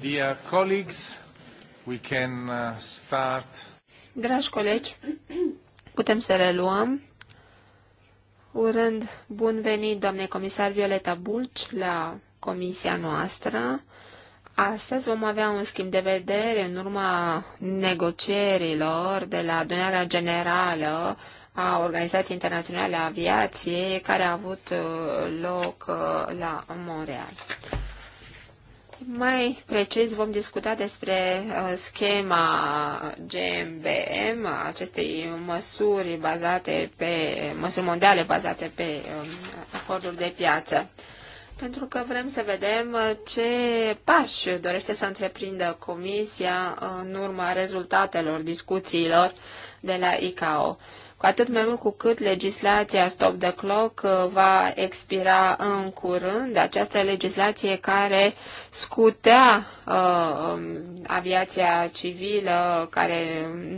Dear colleagues, we can uh, start. Dragi colegi, putem să reluăm. Urând bun venit, doamne comisar Violeta Bulci, la comisia noastră. Astăzi vom avea un schimb de vedere în urma negocierilor de la adunarea generală a Organizației Internaționale a Aviației, care a avut uh, loc uh, la Montreal. Mai precis vom discuta despre uh, schema GMBM, acestei măsuri bazate pe măsuri mondiale bazate pe um, acorduri de piață. Pentru că vrem să vedem uh, ce pași dorește să întreprindă Comisia în urma rezultatelor discuțiilor de la ICAO cu atât mai mult cu cât legislația Stop the Clock uh, va expira în curând, această legislație care scutea uh, um, aviația civilă, care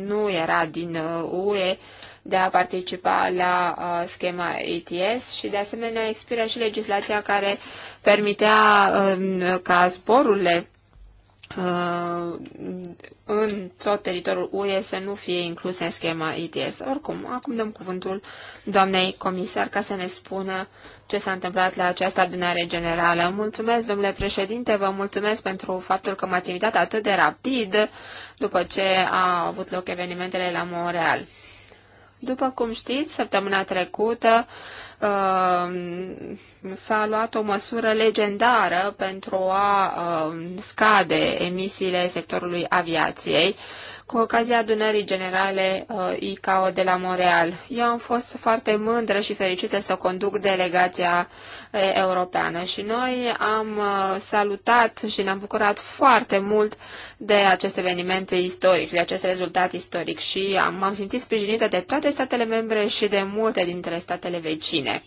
nu era din UE, uh, de a participa la uh, schema ETS și de asemenea expiră și legislația care permitea uh, ca sporurile Uh, în tot teritoriul UE să nu fie inclus în schema ITS. Oricum, acum dăm cuvântul doamnei comisar ca să ne spună ce s-a întâmplat la această adunare generală. Mulțumesc, domnule președinte, vă mulțumesc pentru faptul că m-ați invitat atât de rapid după ce au avut loc evenimentele la Montreal. După cum știți, săptămâna trecută Um, s-a luat o măsură legendară pentru a um, scade emisiile sectorului aviației cu ocazia adunării generale uh, ICAO de la Montreal. Eu am fost foarte mândră și fericită să conduc delegația uh, europeană și noi am uh, salutat și ne-am bucurat foarte mult de acest eveniment istoric, de acest rezultat istoric și am, am simțit sprijinită de toate statele membre și de multe dintre statele vecine.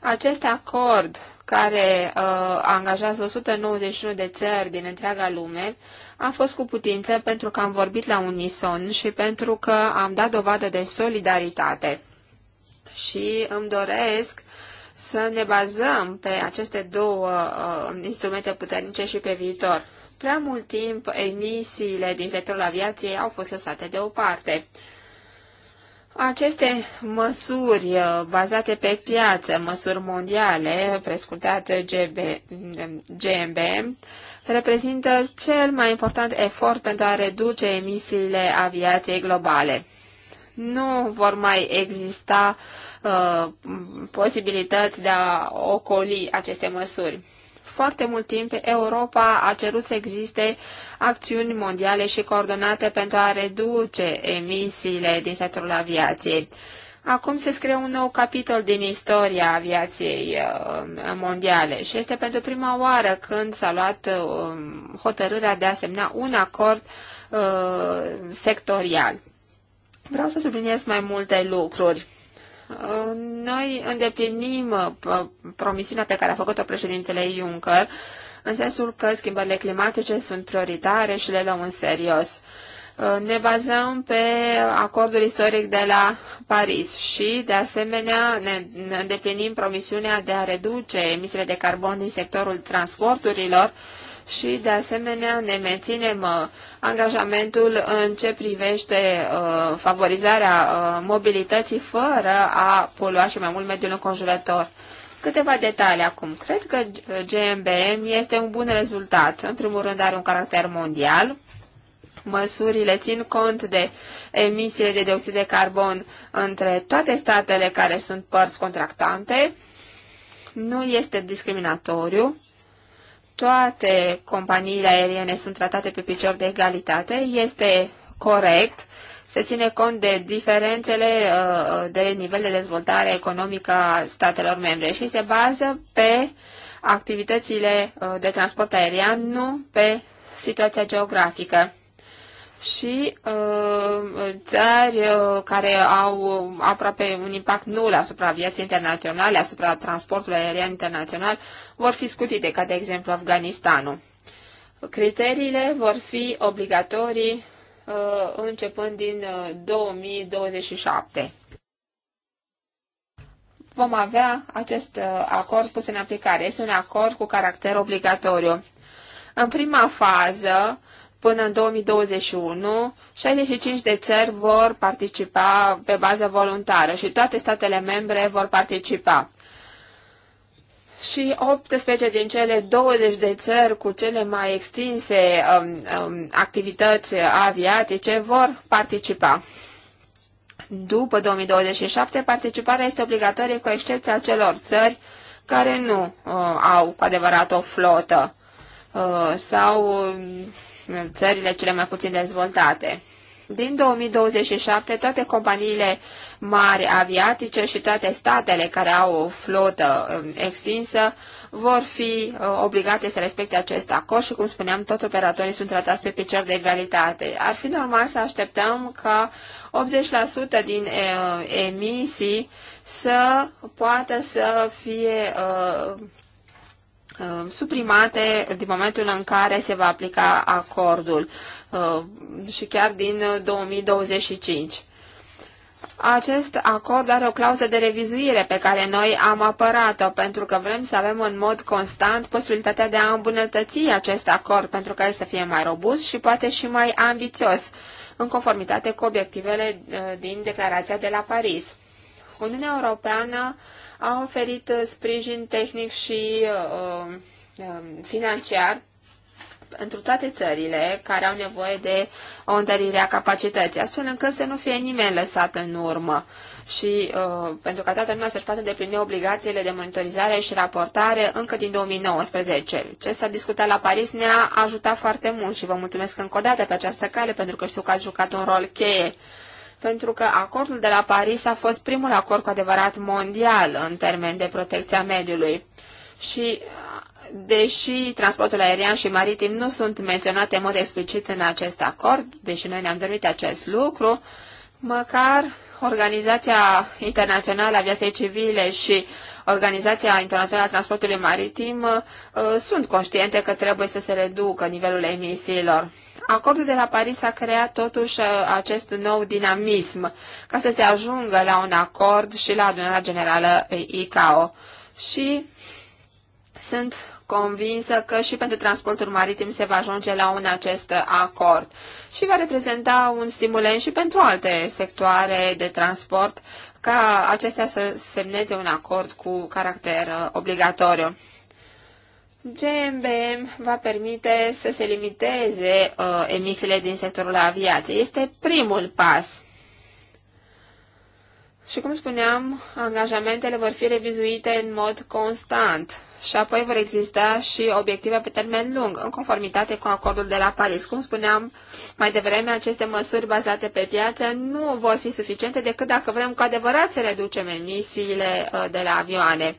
Acest acord care uh, angajează 191 de țări din întreaga lume, uh, a fost cu putință pentru că am vorbit la unison și pentru că am dat dovadă de solidaritate. Și îmi doresc să ne bazăm pe aceste două uh, instrumente puternice și pe viitor. Prea mult timp emisiile din sectorul aviației au fost lăsate deoparte. Aceste măsuri uh, bazate pe piață, măsuri mondiale, prescultate GB, GMB, reprezintă cel mai important efort pentru a reduce emisiile aviației globale. Nu vor mai exista uh, posibilități de a ocoli aceste măsuri. Foarte mult timp, Europa a cerut să existe acțiuni mondiale și coordonate pentru a reduce emisiile din sectorul aviației. Acum se scrie un nou capitol din istoria aviației uh, mondiale și este pentru prima oară când s-a luat uh, hotărârea de a semna un acord uh, sectorial. Vreau să subliniez mai multe lucruri. Noi îndeplinim promisiunea pe care a făcut-o președintele Juncker, în sensul că schimbările climatice sunt prioritare și le luăm în serios. Uh, ne bazăm pe acordul istoric de la Paris și, de asemenea, ne îndeplinim promisiunea de a reduce emisiile de carbon din sectorul transporturilor și, de asemenea, ne menținem uh, angajamentul în ce privește uh, favorizarea mobilității fără a polua și mai mult mediul înconjurător. Câteva detalii acum. Cred că GMBM este un bun rezultat. În primul rând are un caracter mondial măsurile țin cont de emisiile de dioxid de carbon între toate statele care sunt părți contractante, nu este discriminatoriu, toate companiile aeriene sunt tratate pe picior de egalitate, este corect, se ține cont de diferențele uh, de nivel de dezvoltare economică a statelor membre și se bază pe activitățile uh, de transport aerian, nu pe situația geografică și uh, țări uh, care au aproape un impact nul asupra vieții internaționale, asupra transportului aerian internațional, vor fi scutite, ca de exemplu Afganistanul. Criteriile vor fi obligatorii uh, începând din 2027. Uh, Vom avea acest uh, acord pus în aplicare. Este un acord cu caracter obligatoriu. În prima fază, Până în 2021, 65 de țări vor participa pe bază voluntară și toate statele membre vor participa. Și 18 din cele 20 de țări cu cele mai extinse um, um, activități aviatice vor participa. După 2027, participarea este obligatorie cu excepția celor țări care nu uh, au cu adevărat o flotă uh, sau um, țările cele mai puțin dezvoltate. Din 2027, toate companiile mari aviatice și toate statele care au o flotă um, extinsă vor fi uh, obligate să respecte acest acord și, cum spuneam, toți operatorii sunt tratați pe picior de egalitate. Ar fi normal să așteptăm ca 80% din uh, emisii să poată să fie uh, Uh, suprimate din momentul în care se va aplica acordul uh, și chiar din 2025. Uh, acest acord are o clauză de revizuire pe care noi am apărat-o pentru că vrem să avem în mod constant posibilitatea de a îmbunătăți acest acord pentru ca el să fie mai robust și poate și mai ambițios în conformitate cu obiectivele din declarația de la Paris. Uniunea Europeană a oferit uh, sprijin tehnic și uh, um, financiar pentru toate țările care au nevoie de o întărire a capacității, astfel încât să nu fie nimeni lăsat în urmă și uh, pentru ca toată lumea să-și poată deplini obligațiile de monitorizare și raportare încă din 2019. Ce s-a discutat la Paris ne-a ajutat foarte mult și vă mulțumesc încă o dată pe această cale pentru că știu că ați jucat un rol cheie pentru că acordul de la Paris a fost primul acord cu adevărat mondial în termen de protecția mediului. Și deși transportul aerian și maritim nu sunt menționate în mod explicit în acest acord, deși noi ne-am dorit acest lucru, măcar Organizația Internațională a Viaței Civile și Organizația Internațională a Transportului Maritim uh, sunt conștiente că trebuie să se reducă nivelul emisiilor acordul de la Paris a creat totuși uh, acest nou dinamism ca să se ajungă la un acord și la adunarea generală ICAO. Și sunt convinsă că și pentru transportul maritim se va ajunge la un acest acord și va reprezenta un stimulent și pentru alte sectoare de transport ca acestea să semneze un acord cu caracter uh, obligatoriu. GMBM va permite să se limiteze uh, emisiile din sectorul aviației. Este primul pas. Și cum spuneam, angajamentele vor fi revizuite în mod constant și apoi vor exista și obiective pe termen lung, în conformitate cu acordul de la Paris. Cum spuneam mai devreme, aceste măsuri bazate pe piață nu vor fi suficiente decât dacă vrem cu adevărat să reducem emisiile uh, de la avioane.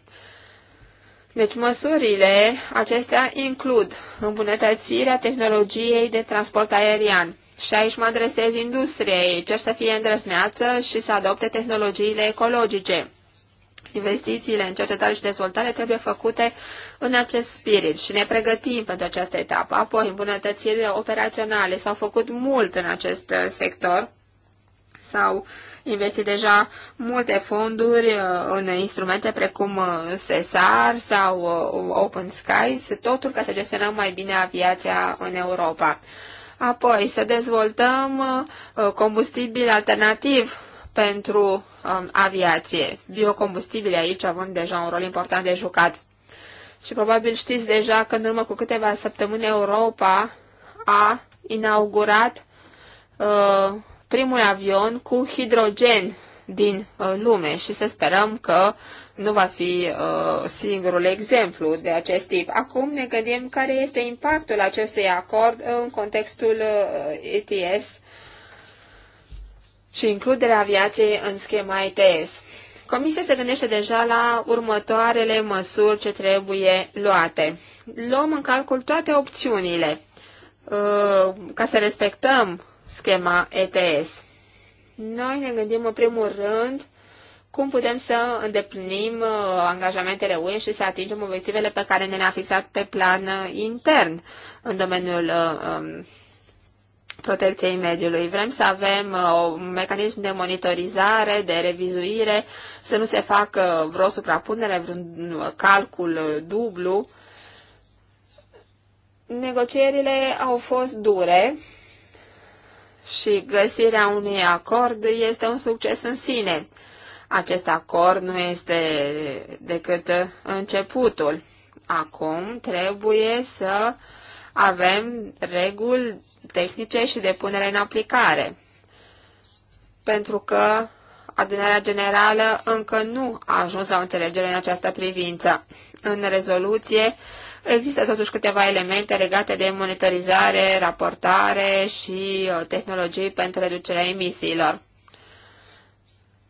Deci măsurile acestea includ îmbunătățirea tehnologiei de transport aerian. Și aici mă adresez industriei, cer să fie îndrăzneață și să adopte tehnologiile ecologice. Investițiile în cercetare și dezvoltare trebuie făcute în acest spirit și ne pregătim pentru această etapă. Apoi, îmbunătățirile operaționale s-au făcut mult în acest uh, sector, s-au uh, investi deja multe fonduri uh, în instrumente precum uh, SESAR sau uh, Open Skies, totul ca să gestionăm mai bine aviația în Europa. Apoi, să dezvoltăm combustibil alternativ pentru um, aviație. Biocombustibile aici având deja un rol important de jucat. Și probabil știți deja că în urmă cu câteva săptămâni Europa a inaugurat uh, primul avion cu hidrogen din uh, lume și să sperăm că nu va fi uh, singurul exemplu de acest tip. Acum ne gândim care este impactul acestui acord în contextul uh, ETS și includerea aviației în schema ETS. Comisia se gândește deja la următoarele măsuri ce trebuie luate. Luăm în calcul toate opțiunile uh, ca să respectăm schema ETS. Noi ne gândim în primul rând cum putem să îndeplinim uh, angajamentele UE și să atingem obiectivele pe care ne le-am fixat pe plan uh, intern în domeniul uh, um, protecției mediului. Vrem să avem un mecanism de monitorizare, de revizuire, să nu se facă vreo suprapunere, vreun calcul dublu. Negocierile au fost dure, și găsirea unui acord este un succes în sine. Acest acord nu este decât începutul. Acum trebuie să avem reguli tehnice și de punere în aplicare. Pentru că adunarea generală încă nu a ajuns la o înțelegere în această privință. În rezoluție Există totuși câteva elemente legate de monitorizare, raportare și uh, tehnologii pentru reducerea emisiilor.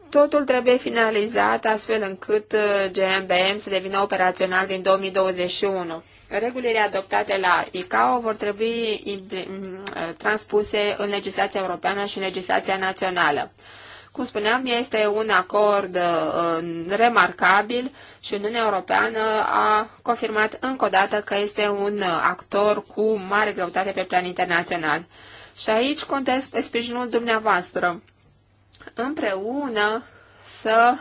Totul trebuie finalizat astfel încât uh, GMBM să devină operațional din 2021. Regulile adoptate la ICAO vor trebui uh, transpuse în legislația europeană și în legislația națională. Cum spuneam, este un acord uh, remarcabil și Uniunea Europeană a confirmat încă o dată că este un actor cu mare greutate pe plan internațional. Și aici contez pe sprijinul dumneavoastră. Împreună să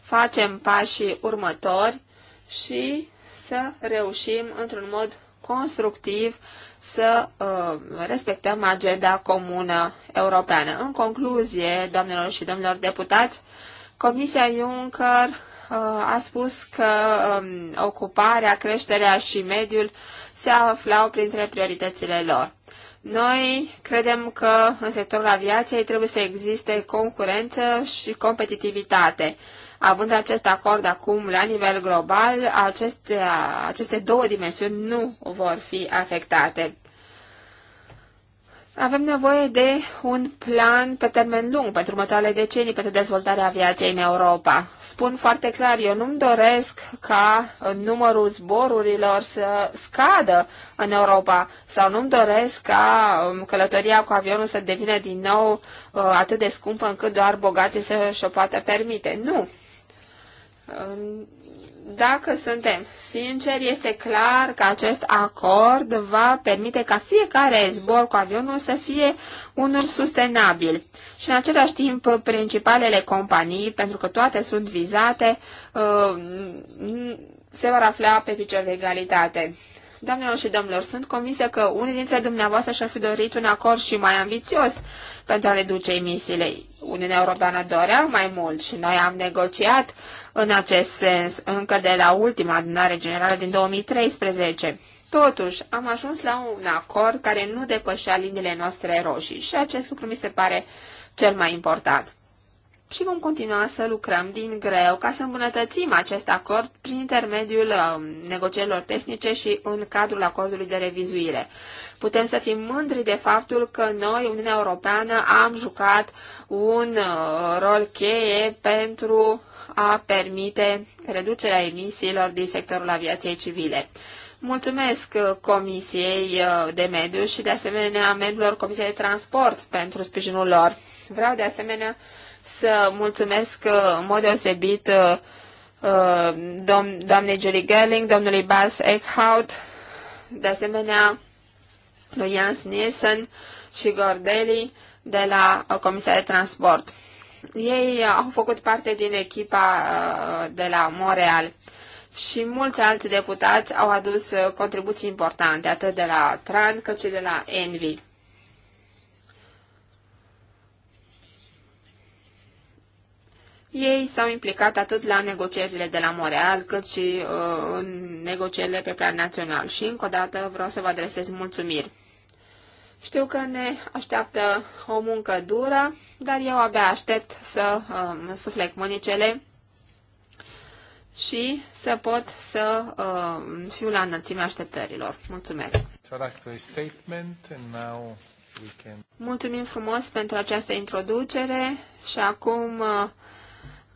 facem pașii următori și să reușim într-un mod constructiv să uh, respectăm agenda comună europeană. În concluzie, doamnelor și domnilor deputați, Comisia Juncker uh, a spus că um, ocuparea, creșterea și mediul se aflau printre prioritățile lor. Noi credem că în sectorul aviației trebuie să existe concurență și competitivitate Având acest acord acum la nivel global, aceste, aceste două dimensiuni nu vor fi afectate. Avem nevoie de un plan pe termen lung pentru următoarele decenii pentru dezvoltarea aviației în Europa. Spun foarte clar, eu nu-mi doresc ca numărul zborurilor să scadă în Europa sau nu-mi doresc ca um, călătoria cu avionul să devină din nou uh, atât de scumpă încât doar bogații să și-o poată permite. Nu! Dacă suntem sinceri, este clar că acest acord va permite ca fiecare zbor cu avionul să fie unul sustenabil. Și în același timp, principalele companii, pentru că toate sunt vizate, uh, se vor afla pe picior de egalitate. Doamnelor și domnilor, sunt convinsă că unii dintre dumneavoastră și-ar fi dorit un acord și mai ambițios pentru a reduce emisiile. Uniunea Europeană dorea mai mult și noi am negociat în acest sens încă de la ultima adunare generală din 2013. Totuși, am ajuns la un acord care nu depășea liniile noastre roșii și acest lucru mi se pare cel mai important și vom continua să lucrăm din greu ca să îmbunătățim acest acord prin intermediul um, negocierilor tehnice și în cadrul acordului de revizuire. Putem să fim mândri de faptul că noi, Uniunea Europeană, am jucat un uh, rol cheie pentru a permite reducerea emisiilor din sectorul aviației civile. Mulțumesc uh, Comisiei uh, de Mediu și de asemenea membrilor Comisiei de Transport pentru sprijinul lor. Vreau de asemenea să mulțumesc uh, în mod deosebit uh, uh, doamnei Julie Gerling, domnului Bas Eckhout, de asemenea lui Jans Nielsen și Gordeli de la Comisia de Transport. Ei au făcut parte din echipa de la Montreal și mulți alți deputați au adus contribuții importante, atât de la TRAN cât și de la ENVI. Ei s-au implicat atât la negocierile de la Montreal, cât și uh, în negocierile pe plan național. Și încă o dată vreau să vă adresez mulțumiri. Știu că ne așteaptă o muncă dură, dar eu abia aștept să uh, suflec mânicele și să pot să uh, fiu la înălțimea așteptărilor. Mulțumesc! Mulțumim frumos pentru această introducere și acum uh,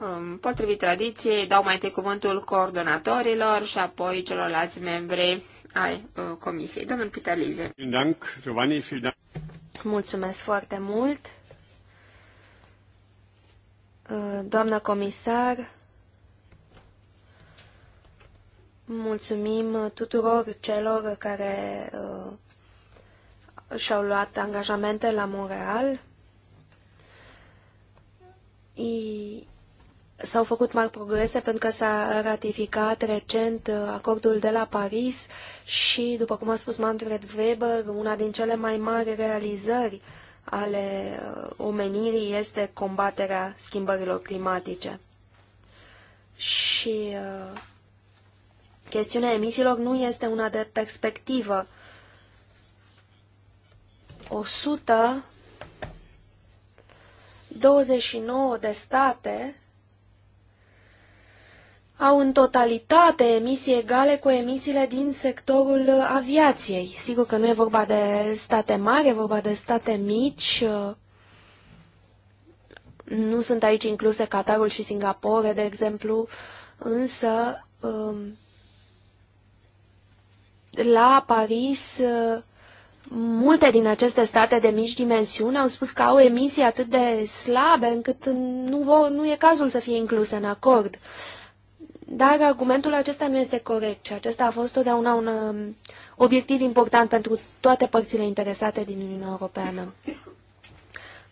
Um, potrivit tradiției, dau mai întâi cuvântul coordonatorilor și apoi celorlalți membri ai uh, comisiei. Domnul Lise. Mulțumesc foarte mult. Uh, Doamna comisar, mulțumim tuturor celor care uh, și-au luat angajamente la Montreal s-au făcut mari progrese pentru că s-a ratificat recent uh, acordul de la Paris și, după cum a spus Manfred Weber, una din cele mai mari realizări ale uh, omenirii este combaterea schimbărilor climatice. Și uh, chestiunea emisiilor nu este una de perspectivă. nouă de state au în totalitate emisii egale cu emisiile din sectorul aviației. Sigur că nu e vorba de state mari, e vorba de state mici. Nu sunt aici incluse Qatarul și Singapore, de exemplu, însă um, la Paris multe din aceste state de mici dimensiuni au spus că au emisii atât de slabe încât nu, vor, nu e cazul să fie incluse în acord. Dar argumentul acesta nu este corect și acesta a fost totdeauna un um, obiectiv important pentru toate părțile interesate din Uniunea Europeană.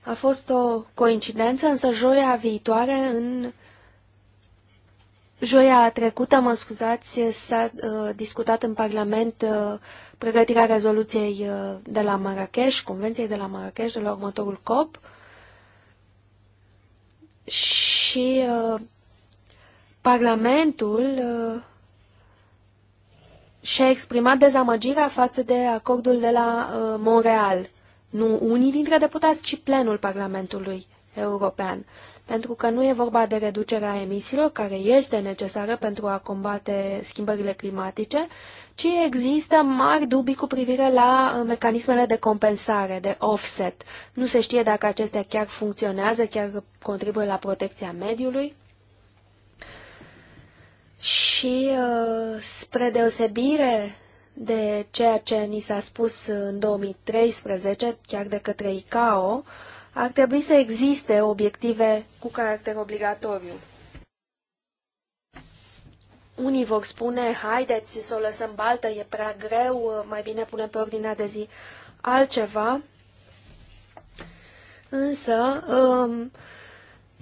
A fost o coincidență, însă joia viitoare, în joia trecută, mă scuzați, s-a uh, discutat în Parlament uh, pregătirea rezoluției uh, de la Marrakesh, Convenției de la Marrakesh, de la următorul COP. Și uh, Parlamentul uh, și-a exprimat dezamăgirea față de acordul de la uh, Montreal. Nu unii dintre deputați, ci plenul Parlamentului European. Pentru că nu e vorba de reducerea emisiilor, care este necesară pentru a combate schimbările climatice, ci există mari dubii cu privire la uh, mecanismele de compensare, de offset. Nu se știe dacă acestea chiar funcționează, chiar contribuie la protecția mediului. Și uh, spre deosebire de ceea ce ni s-a spus în 2013, chiar de către ICAO, ar trebui să existe obiective cu caracter obligatoriu. Unii vor spune, haideți să o lăsăm baltă, e prea greu, mai bine punem pe ordinea de zi altceva. Însă, um,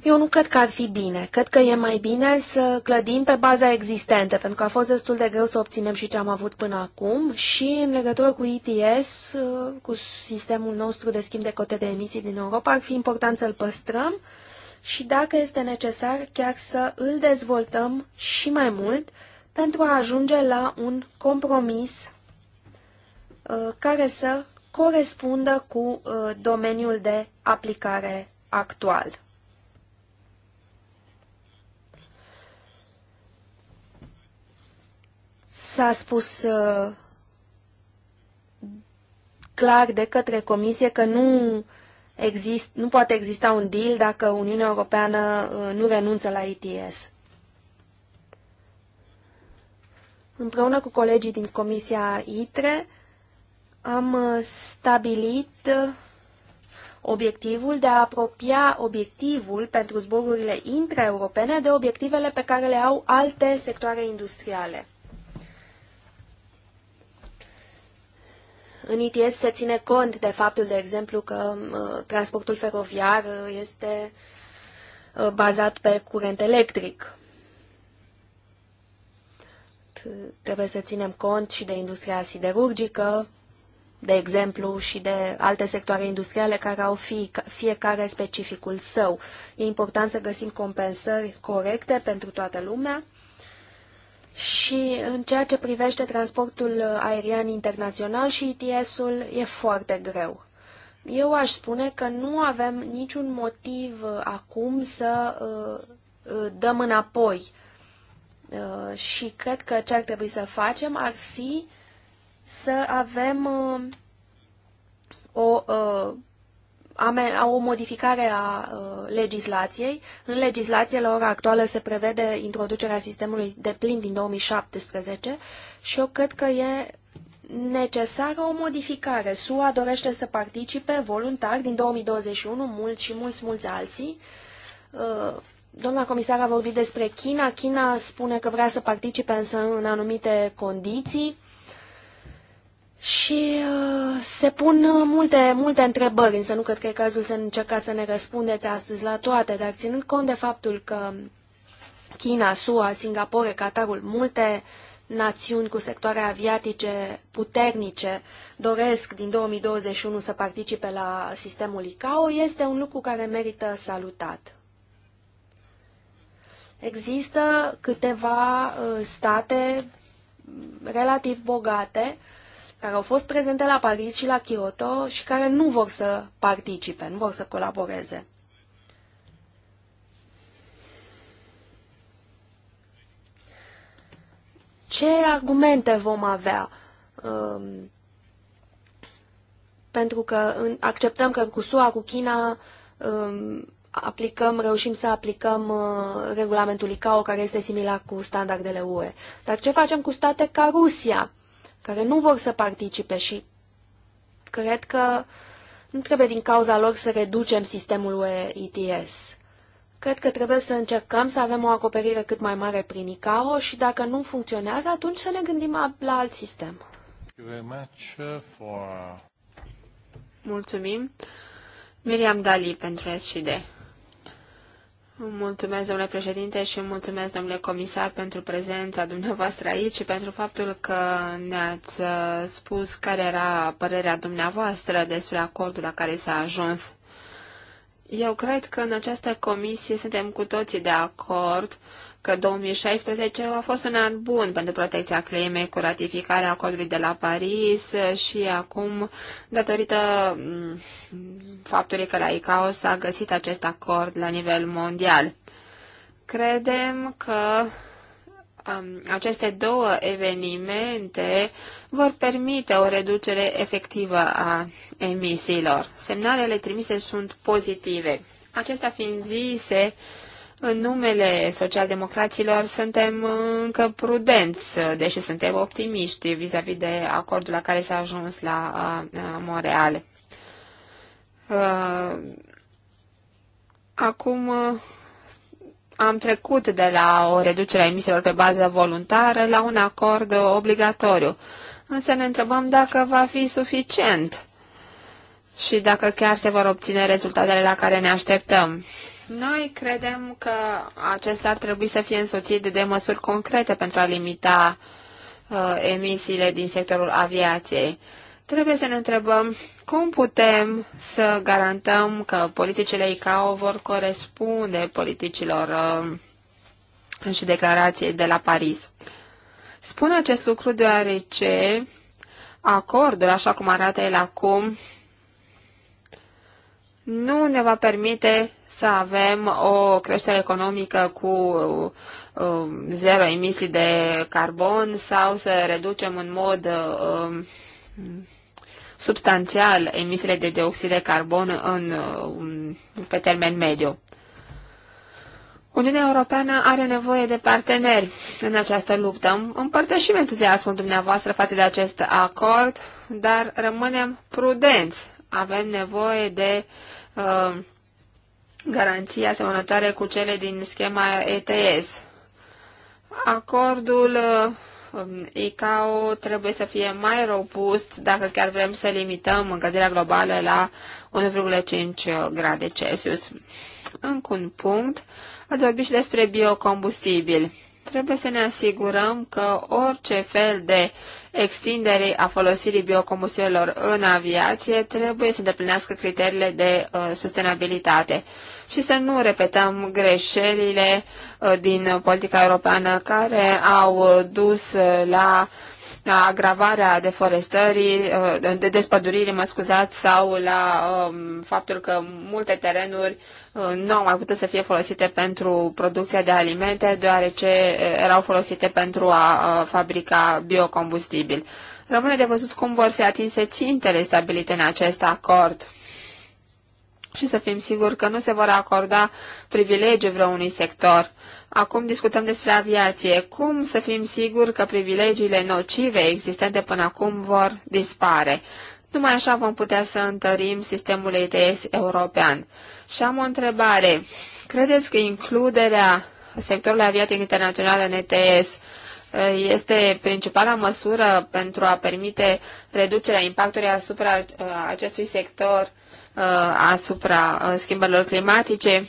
eu nu cred că ar fi bine. Cred că e mai bine să clădim pe baza existentă, pentru că a fost destul de greu să obținem și ce am avut până acum și în legătură cu ETS, cu sistemul nostru de schimb de cote de emisii din Europa, ar fi important să-l păstrăm și dacă este necesar, chiar să îl dezvoltăm și mai mult pentru a ajunge la un compromis uh, care să corespundă cu uh, domeniul de aplicare actual. S-a spus uh, clar de către Comisie că nu, exist, nu poate exista un deal dacă Uniunea Europeană uh, nu renunță la ETS. Împreună cu colegii din Comisia ITRE am uh, stabilit obiectivul de a apropia obiectivul pentru zborurile intraeuropene de obiectivele pe care le au alte sectoare industriale. În ITS se ține cont de faptul, de exemplu, că uh, transportul feroviar uh, este uh, bazat pe curent electric. Trebuie să ținem cont și de industria siderurgică, de exemplu, și de alte sectoare industriale care au fiecare specificul său. E important să găsim compensări corecte pentru toată lumea și în ceea ce privește transportul aerian internațional și ITS-ul, e foarte greu. Eu aș spune că nu avem niciun motiv uh, acum să uh, uh, dăm înapoi. Uh, și cred că ce ar trebui să facem ar fi să avem uh, o uh, au o modificare a uh, legislației. În legislație, la ora actuală, se prevede introducerea sistemului de plin din 2017 și eu cred că e necesară o modificare. SUA dorește să participe voluntar din 2021, mulți și mulți, mulți alții. Uh, doamna comisar a vorbit despre China. China spune că vrea să participe însă în anumite condiții și uh, se pun uh, multe, multe întrebări, însă nu cred că e cazul să încerca să ne răspundeți astăzi la toate, dar ținând cont de faptul că China, SUA, Singapore, Qatarul, multe națiuni cu sectoare aviatice puternice doresc din 2021 să participe la sistemul ICAO, este un lucru care merită salutat. Există câteva uh, state relativ bogate care au fost prezente la Paris și la Kyoto și care nu vor să participe, nu vor să colaboreze. Ce argumente vom avea? Um, pentru că acceptăm că cu SUA, cu China, um, aplicăm, reușim să aplicăm uh, regulamentul ICAO, care este similar cu standardele UE. Dar ce facem cu state ca Rusia? care nu vor să participe și cred că nu trebuie din cauza lor să reducem sistemul ETS. Cred că trebuie să încercăm să avem o acoperire cât mai mare prin ICAO și dacă nu funcționează, atunci să ne gândim la alt sistem. Uh, Mulțumim. Miriam Dali pentru SCD. Mulțumesc, domnule președinte, și mulțumesc, domnule comisar, pentru prezența dumneavoastră aici și pentru faptul că ne-ați uh, spus care era părerea dumneavoastră despre acordul la care s-a ajuns. Eu cred că în această comisie suntem cu toții de acord că 2016 a fost un an bun pentru protecția climei cu ratificarea acordului de la Paris și acum, datorită mm, faptului că la ICAO s-a găsit acest acord la nivel mondial. Credem că um, aceste două evenimente vor permite o reducere efectivă a emisiilor. Semnalele trimise sunt pozitive. Acestea fiind zise, în numele socialdemocraților suntem încă prudenți, deși suntem optimiști vis-a-vis -vis de acordul la care s-a ajuns la uh, uh, Montreal. Uh, acum am trecut de la o reducere a emisiilor pe bază voluntară la un acord obligatoriu, însă ne întrebăm dacă va fi suficient și dacă chiar se vor obține rezultatele la care ne așteptăm. Noi credem că acesta ar trebui să fie însoțit de măsuri concrete pentru a limita uh, emisiile din sectorul aviației. Trebuie să ne întrebăm cum putem să garantăm că politicile ICAO vor corespunde politicilor uh, și declarației de la Paris. Spun acest lucru deoarece acordul, așa cum arată el acum, nu ne va permite să avem o creștere economică cu um, zero emisii de carbon sau să reducem în mod um, substanțial emisiile de dioxid de carbon în, um, pe termen mediu. Uniunea Europeană are nevoie de parteneri în această luptă. Împărtășim entuziasmul dumneavoastră față de acest acord, dar rămânem prudenți. Avem nevoie de uh, garanții asemănătoare cu cele din schema ETS. Acordul uh, ICAO trebuie să fie mai robust dacă chiar vrem să limităm încălzirea globală la 1,5 grade Celsius. Încă un punct, ați vorbit și despre biocombustibil. Trebuie să ne asigurăm că orice fel de extinderii a folosirii biocombustibilor în aviație trebuie să îndeplinească criteriile de uh, sustenabilitate și să nu repetăm greșelile uh, din politica europeană care au uh, dus uh, la uh, la agravarea deforestării, uh, de despăduririi, mă scuzați, sau la um, faptul că multe terenuri uh, nu au mai putut să fie folosite pentru producția de alimente, deoarece uh, erau folosite pentru a fabrica biocombustibil. Rămâne de văzut cum vor fi atinse țintele stabilite în acest acord și să fim siguri că nu se vor acorda privilegii vreunui sector Acum discutăm despre aviație. Cum să fim siguri că privilegiile nocive existente până acum vor dispare? Numai așa vom putea să întărim sistemul ETS european. Și am o întrebare. Credeți că includerea sectorului aviatic internațional în ETS uh, este principala măsură pentru a permite reducerea impactului asupra uh, acestui sector, uh, asupra schimbărilor climatice?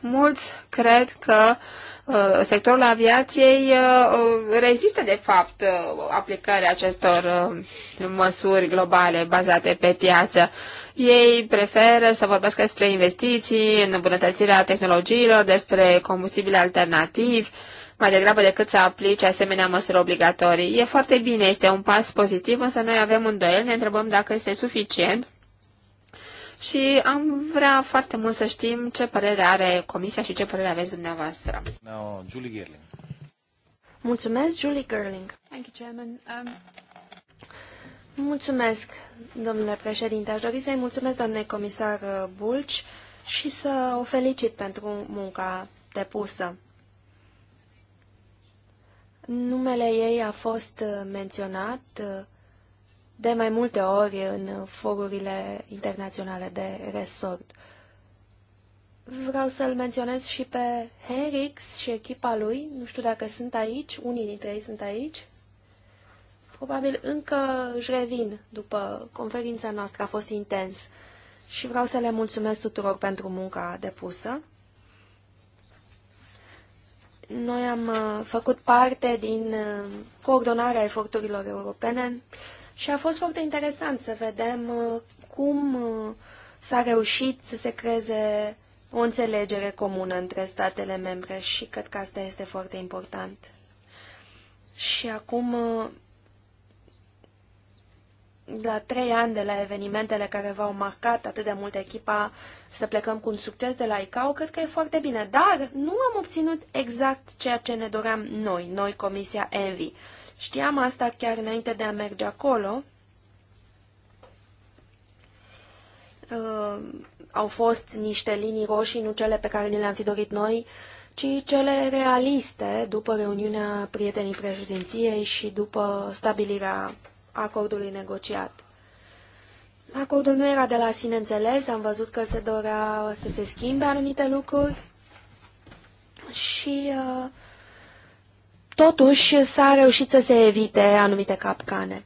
Mulți cred că Uh, sectorul aviației uh, uh, rezistă de fapt aplicarea acestor măsuri globale bazate pe piață. Ei preferă să vorbească despre investiții, în îmbunătățirea tehnologiilor, despre combustibile alternativi, mai degrabă decât să aplice asemenea măsuri obligatorii. E foarte bine, este un pas pozitiv, însă noi avem îndoiel, ne întrebăm dacă este suficient și am vrea foarte mult să știm ce părere are Comisia și ce părere aveți dumneavoastră. No, Julie Gerling. Mulțumesc, Julie Gerling. Thank you, Chairman. Um... Mulțumesc, domnule președinte. Aș dori să-i mulțumesc, doamnei comisar uh, Bulci, și să o felicit pentru munca depusă. Numele ei a fost uh, menționat uh, de mai multe ori în forurile internaționale de resort. Vreau să-l menționez și pe Herix și echipa lui. Nu știu dacă sunt aici, unii dintre ei sunt aici. Probabil încă își revin după conferința noastră, a fost intens. Și vreau să le mulțumesc tuturor pentru munca depusă. Noi am uh, făcut parte din uh, coordonarea eforturilor europene și a fost foarte interesant să vedem uh, cum uh, s-a reușit să se creeze o înțelegere comună între statele membre și cred că asta este foarte important. Și acum, uh, la trei ani de la evenimentele care v-au marcat atât de mult echipa să plecăm cu un succes de la ICAO, cred că e foarte bine. Dar nu am obținut exact ceea ce ne doream noi, noi Comisia Envi. Știam asta chiar înainte de a merge acolo. Uh, au fost niște linii roșii, nu cele pe care ni le-am fi dorit noi, ci cele realiste după reuniunea prietenii președinției și după stabilirea acordului negociat. Acordul nu era de la sine înțeles, am văzut că se dorea să se schimbe anumite lucruri și uh, Totuși, s-a reușit să se evite anumite capcane.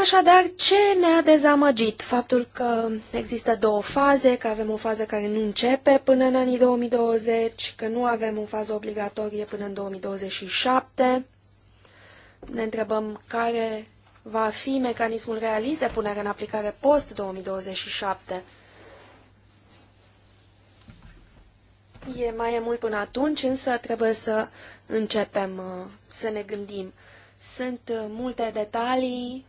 Așadar, ce ne-a dezamăgit? Faptul că există două faze, că avem o fază care nu începe până în anii 2020, că nu avem o fază obligatorie până în 2027. Ne întrebăm care va fi mecanismul realist de punere în aplicare post-2027. E mai e mult până atunci, însă trebuie să începem uh, să ne gândim. Sunt uh, multe detalii,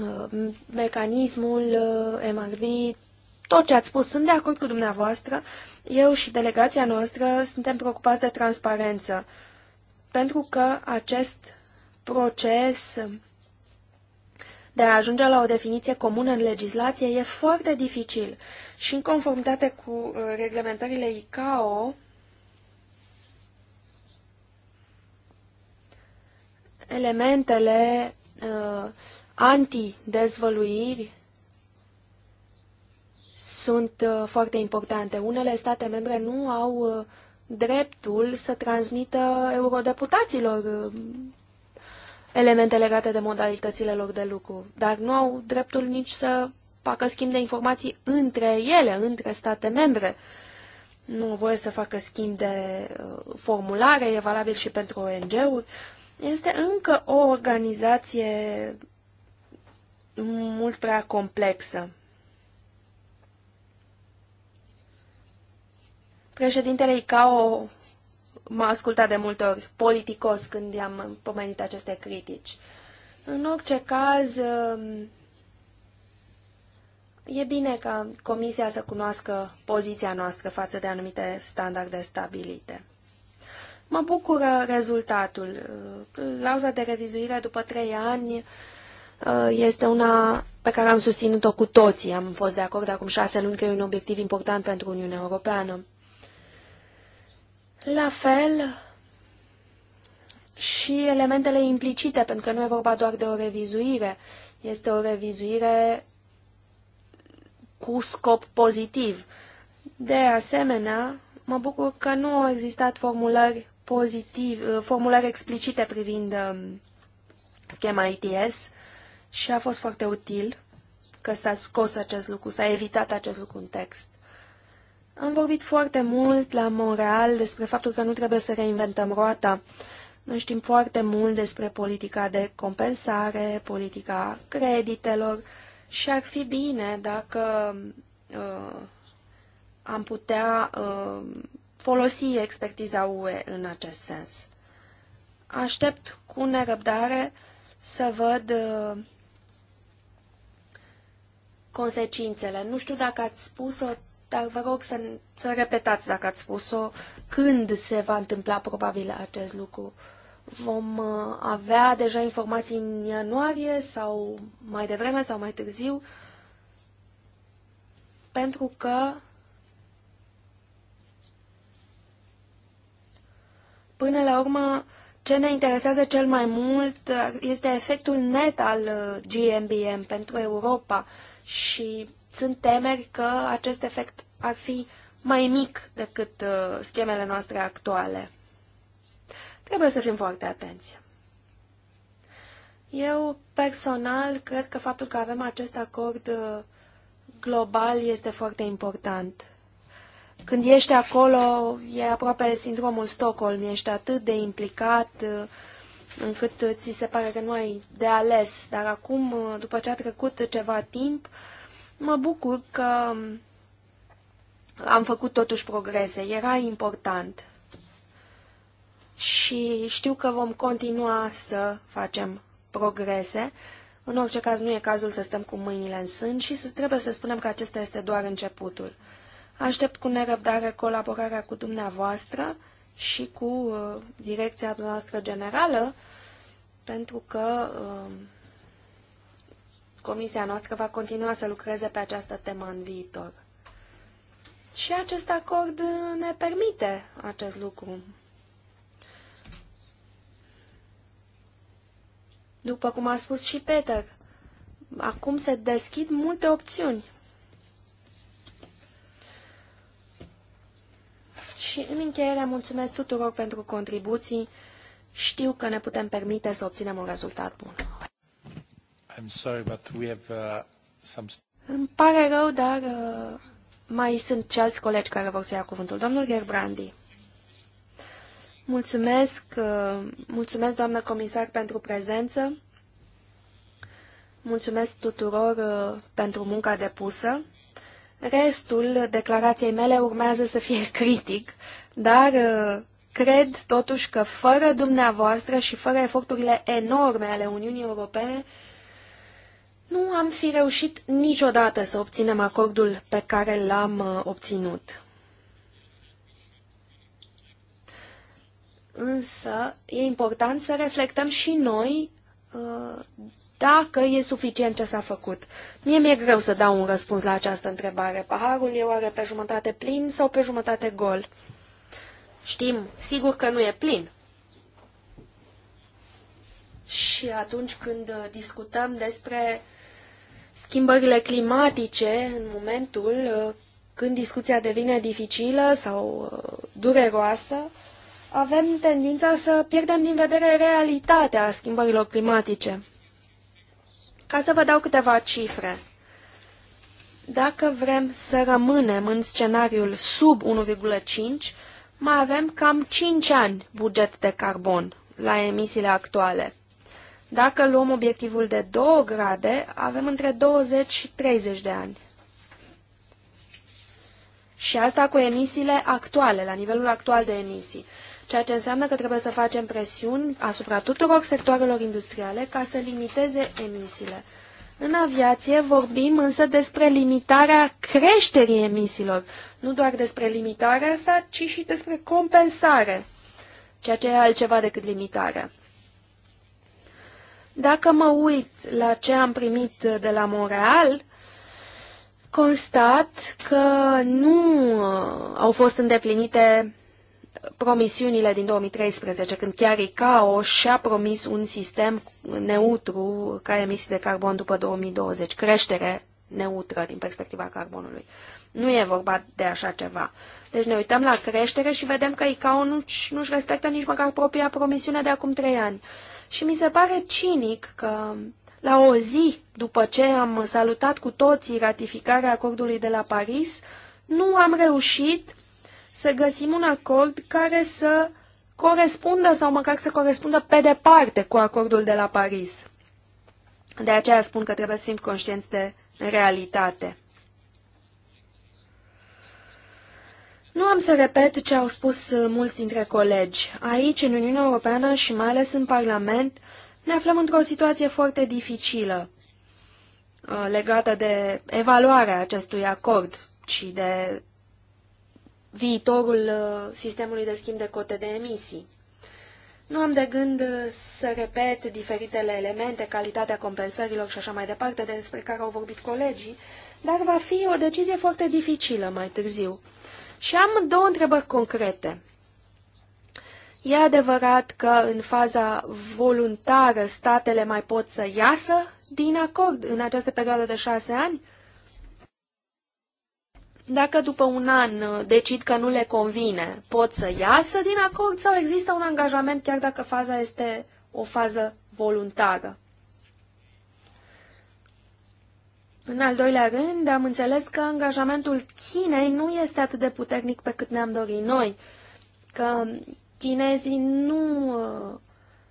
uh, mecanismul MRV, tot ce ați spus, sunt de acord cu dumneavoastră. Eu și delegația noastră suntem preocupați de transparență, pentru că acest proces de a ajunge la o definiție comună în legislație e foarte dificil și în conformitate cu uh, reglementările ICAO, elementele uh, anti-dezvăluiri sunt uh, foarte importante. Unele state membre nu au uh, dreptul să transmită eurodeputaților uh, elemente legate de modalitățile lor de lucru, dar nu au dreptul nici să facă schimb de informații între ele, între state membre. Nu au voie să facă schimb de uh, formulare, e valabil și pentru ONG-uri. Este încă o organizație mult prea complexă. Președintele ICAO m-a ascultat de multe ori politicos când i-am pomenit aceste critici. În orice caz, um, e bine ca Comisia să cunoască poziția noastră față de anumite standarde stabilite. Mă bucură rezultatul. Lauza de revizuire după trei ani uh, este una pe care am susținut-o cu toții. Am fost de acord de acum șase luni că e un obiectiv important pentru Uniunea Europeană. La fel și elementele implicite, pentru că nu e vorba doar de o revizuire, este o revizuire cu scop pozitiv. De asemenea, mă bucur că nu au existat formulări pozitiv, formulări explicite privind um, schema ITS și a fost foarte util că s-a scos acest lucru, s-a evitat acest lucru în text. Am vorbit foarte mult la Montreal despre faptul că nu trebuie să reinventăm roata. Noi știm foarte mult despre politica de compensare, politica creditelor și ar fi bine dacă uh, am putea uh, folosi expertiza UE în acest sens. Aștept cu nerăbdare să văd uh, consecințele. Nu știu dacă ați spus-o dar vă rog să, să repetați dacă ați spus-o, când se va întâmpla probabil acest lucru. Vom uh, avea deja informații în ianuarie sau mai devreme sau mai târziu, pentru că până la urmă ce ne interesează cel mai mult este efectul net al uh, GMBM pentru Europa și sunt temeri că acest efect ar fi mai mic decât uh, schemele noastre actuale. Trebuie să fim foarte atenți. Eu personal cred că faptul că avem acest acord uh, global este foarte important. Când ești acolo, e aproape sindromul Stockholm, ești atât de implicat uh, încât ți se pare că nu ai de ales. Dar acum, după ce a trecut ceva timp, uh, Mă bucur că am făcut totuși progrese. Era important. Și știu că vom continua să facem progrese. În orice caz, nu e cazul să stăm cu mâinile în sân și să, trebuie să spunem că acesta este doar începutul. Aștept cu nerăbdare colaborarea cu dumneavoastră și cu uh, direcția noastră generală, pentru că uh, Comisia noastră va continua să lucreze pe această temă în viitor. Și acest acord ne permite acest lucru. După cum a spus și Peter, acum se deschid multe opțiuni. Și în încheiere mulțumesc tuturor pentru contribuții. Știu că ne putem permite să obținem un rezultat bun. I'm sorry, but we have uh, some... Îmi pare rău, dar uh, mai sunt și alți colegi care vor să ia cuvântul. Domnul Gerbrandi. Mulțumesc, uh, mulțumesc, doamnă comisar, pentru prezență. Mulțumesc tuturor uh, pentru munca depusă. Restul declarației mele urmează să fie critic, dar uh, cred totuși că fără dumneavoastră și fără eforturile enorme ale Uniunii Europene, nu am fi reușit niciodată să obținem acordul pe care l-am uh, obținut. Însă e important să reflectăm și noi uh, dacă e suficient ce s-a făcut. Mie mi-e greu să dau un răspuns la această întrebare. Paharul e oare pe jumătate plin sau pe jumătate gol? Știm, sigur că nu e plin. Și atunci când uh, discutăm despre schimbările climatice în momentul uh, când discuția devine dificilă sau uh, dureroasă, avem tendința să pierdem din vedere realitatea schimbărilor climatice. Ca să vă dau câteva cifre. Dacă vrem să rămânem în scenariul sub 1,5, mai avem cam 5 ani buget de carbon la emisiile actuale. Dacă luăm obiectivul de 2 grade, avem între 20 și 30 de ani. Și asta cu emisiile actuale, la nivelul actual de emisii. Ceea ce înseamnă că trebuie să facem presiuni asupra tuturor sectoarelor industriale ca să limiteze emisiile. În aviație vorbim însă despre limitarea creșterii emisiilor, nu doar despre limitarea sa, ci și despre compensare, ceea ce e altceva decât limitarea. Dacă mă uit la ce am primit de la Montreal, constat că nu uh, au fost îndeplinite promisiunile din 2013, când chiar ICAO și-a promis un sistem neutru ca emisii de carbon după 2020, creștere neutră din perspectiva carbonului. Nu e vorba de așa ceva. Deci ne uităm la creștere și vedem că ICAO nu-și nu respectă nici măcar propria promisiune de acum trei ani. Uh, și mi se pare cinic că la o zi după ce am salutat cu toții ratificarea acordului de la Paris, nu am reușit să găsim un acord care să corespundă sau măcar să corespundă pe departe cu acordul de la Paris. De aceea spun că trebuie să fim conștienți de realitate. Nu am să repet ce au spus uh, mulți dintre colegi. Aici, în Uniunea Europeană și mai ales în Parlament, ne aflăm într-o situație foarte dificilă uh, legată de evaluarea acestui acord și de viitorul uh, sistemului de schimb de cote de emisii. Nu am de gând să repet diferitele elemente, calitatea compensărilor și așa mai departe, despre care au vorbit colegii, dar va fi o decizie foarte dificilă mai târziu. Și am două întrebări concrete. E adevărat că în faza voluntară statele mai pot să iasă din acord în această perioadă de șase ani? Dacă după un an uh, decid că nu le convine, pot să iasă din acord sau există un angajament chiar dacă faza este o fază voluntară? În al doilea rând, am înțeles că angajamentul Chinei nu este atât de puternic pe cât ne-am dorit noi, că chinezii nu uh,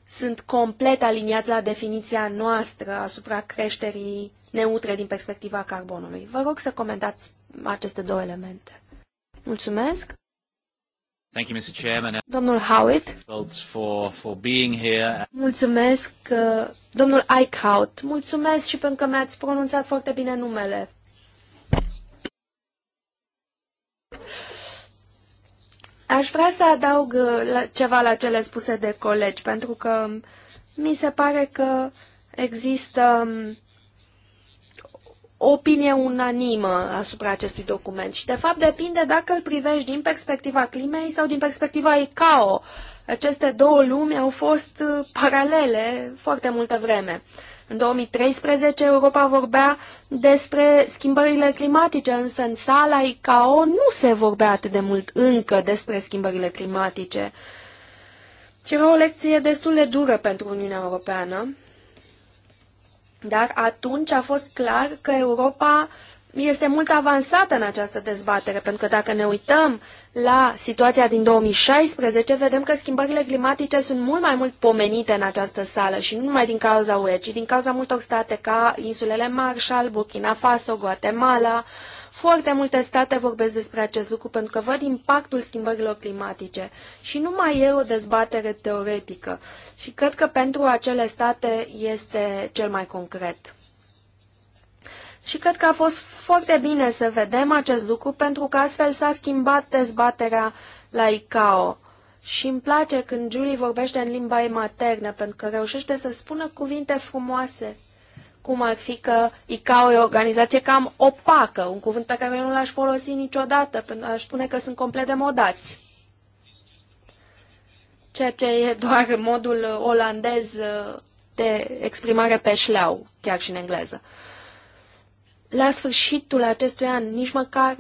sunt complet aliniați la definiția noastră asupra creșterii neutre din perspectiva carbonului. Vă rog să comentați aceste două elemente. Mulțumesc! Thank you, Mr. Chairman. Domnul Howitt. For, for being here. Mulțumesc, uh, domnul Eichhout. Mulțumesc și pentru că mi-ați pronunțat foarte bine numele. Aș vrea să adaug uh, ceva la cele spuse de colegi, pentru că mi se pare că există um, opinie unanimă asupra acestui document și, de fapt, depinde dacă îl privești din perspectiva climei sau din perspectiva ICAO. Aceste două lumi au fost uh, paralele foarte multă vreme. În 2013 Europa vorbea despre schimbările climatice, însă în sala ICAO nu se vorbea atât de mult încă despre schimbările climatice. Și era o lecție destul de dură pentru Uniunea Europeană, dar atunci a fost clar că Europa este mult avansată în această dezbatere, pentru că dacă ne uităm la situația din 2016, vedem că schimbările climatice sunt mult mai mult pomenite în această sală și nu numai din cauza UE, ci din cauza multor state ca insulele Marshall, Burkina Faso, Guatemala, foarte multe state vorbesc despre acest lucru pentru că văd impactul schimbărilor climatice și nu mai e o dezbatere teoretică. Și cred că pentru acele state este cel mai concret. Și cred că a fost foarte bine să vedem acest lucru pentru că astfel s-a schimbat dezbaterea la ICAO. Și îmi place când Julie vorbește în limba ei maternă, pentru că reușește să spună cuvinte frumoase cum ar fi că ICAO e o organizație cam opacă, un cuvânt pe care eu nu l-aș folosi niciodată, pentru aș spune că sunt complet demodați. Ceea ce e doar modul olandez de exprimare pe șleau, chiar și în engleză. La sfârșitul acestui an, nici măcar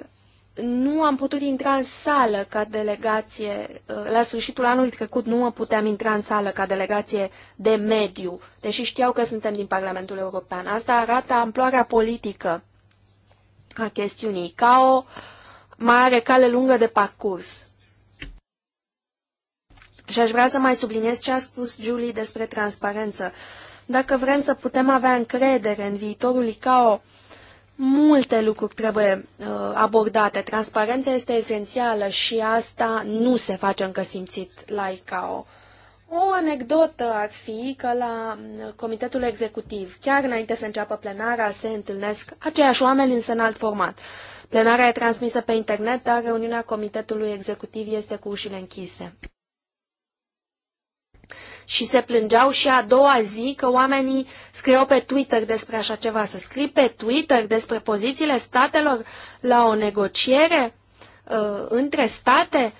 nu am putut intra în sală ca delegație, uh, la sfârșitul anului trecut nu mă puteam intra în sală ca delegație de mediu, deși știau că suntem din Parlamentul European. Asta arată amploarea politică a chestiunii. ca o mare cale lungă de parcurs. Și aș vrea să mai subliniez ce a spus Julie despre transparență. Dacă vrem să putem avea încredere în viitorul ICAO, Multe lucruri trebuie uh, abordate. Transparența este esențială și asta nu se face încă simțit la ICAO. O anecdotă ar fi că la mm, comitetul executiv, chiar înainte să înceapă plenara, se întâlnesc aceiași oameni însă în alt format. Plenarea e transmisă pe internet, dar reuniunea comitetului executiv este cu ușile închise și se plângeau și a doua zi că oamenii scriau pe Twitter despre așa ceva. Să scrii pe Twitter despre pozițiile statelor la o negociere uh, între state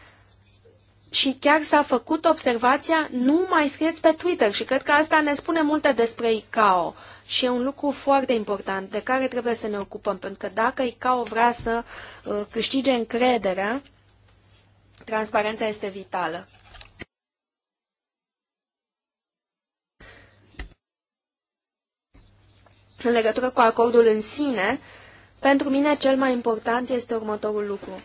și chiar s-a făcut observația nu mai scrieți pe Twitter și cred că asta ne spune multe despre ICAO și e un lucru foarte important de care trebuie să ne ocupăm, pentru că dacă ICAO vrea să uh, câștige încrederea, transparența este vitală. În legătură cu acordul în sine, pentru mine cel mai important este următorul lucru.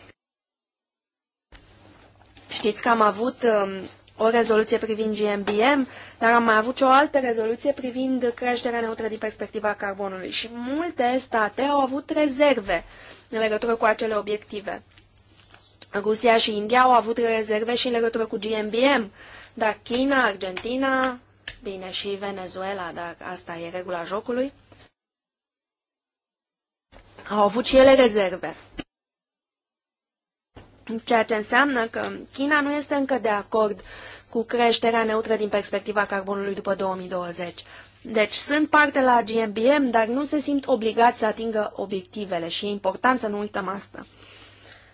Știți că am avut um, o rezoluție privind GMBM, dar am mai avut și o altă rezoluție privind creșterea neutră din perspectiva carbonului și multe state au avut rezerve în legătură cu acele obiective. Rusia și India au avut rezerve și în legătură cu GMBM, dar China, Argentina, bine și Venezuela, dar asta e regula jocului, au avut și ele rezerve. Ceea ce înseamnă că China nu este încă de acord cu creșterea neutră din perspectiva carbonului după 2020. Deci sunt parte la GMBM, dar nu se simt obligați să atingă obiectivele și e important să nu uităm asta.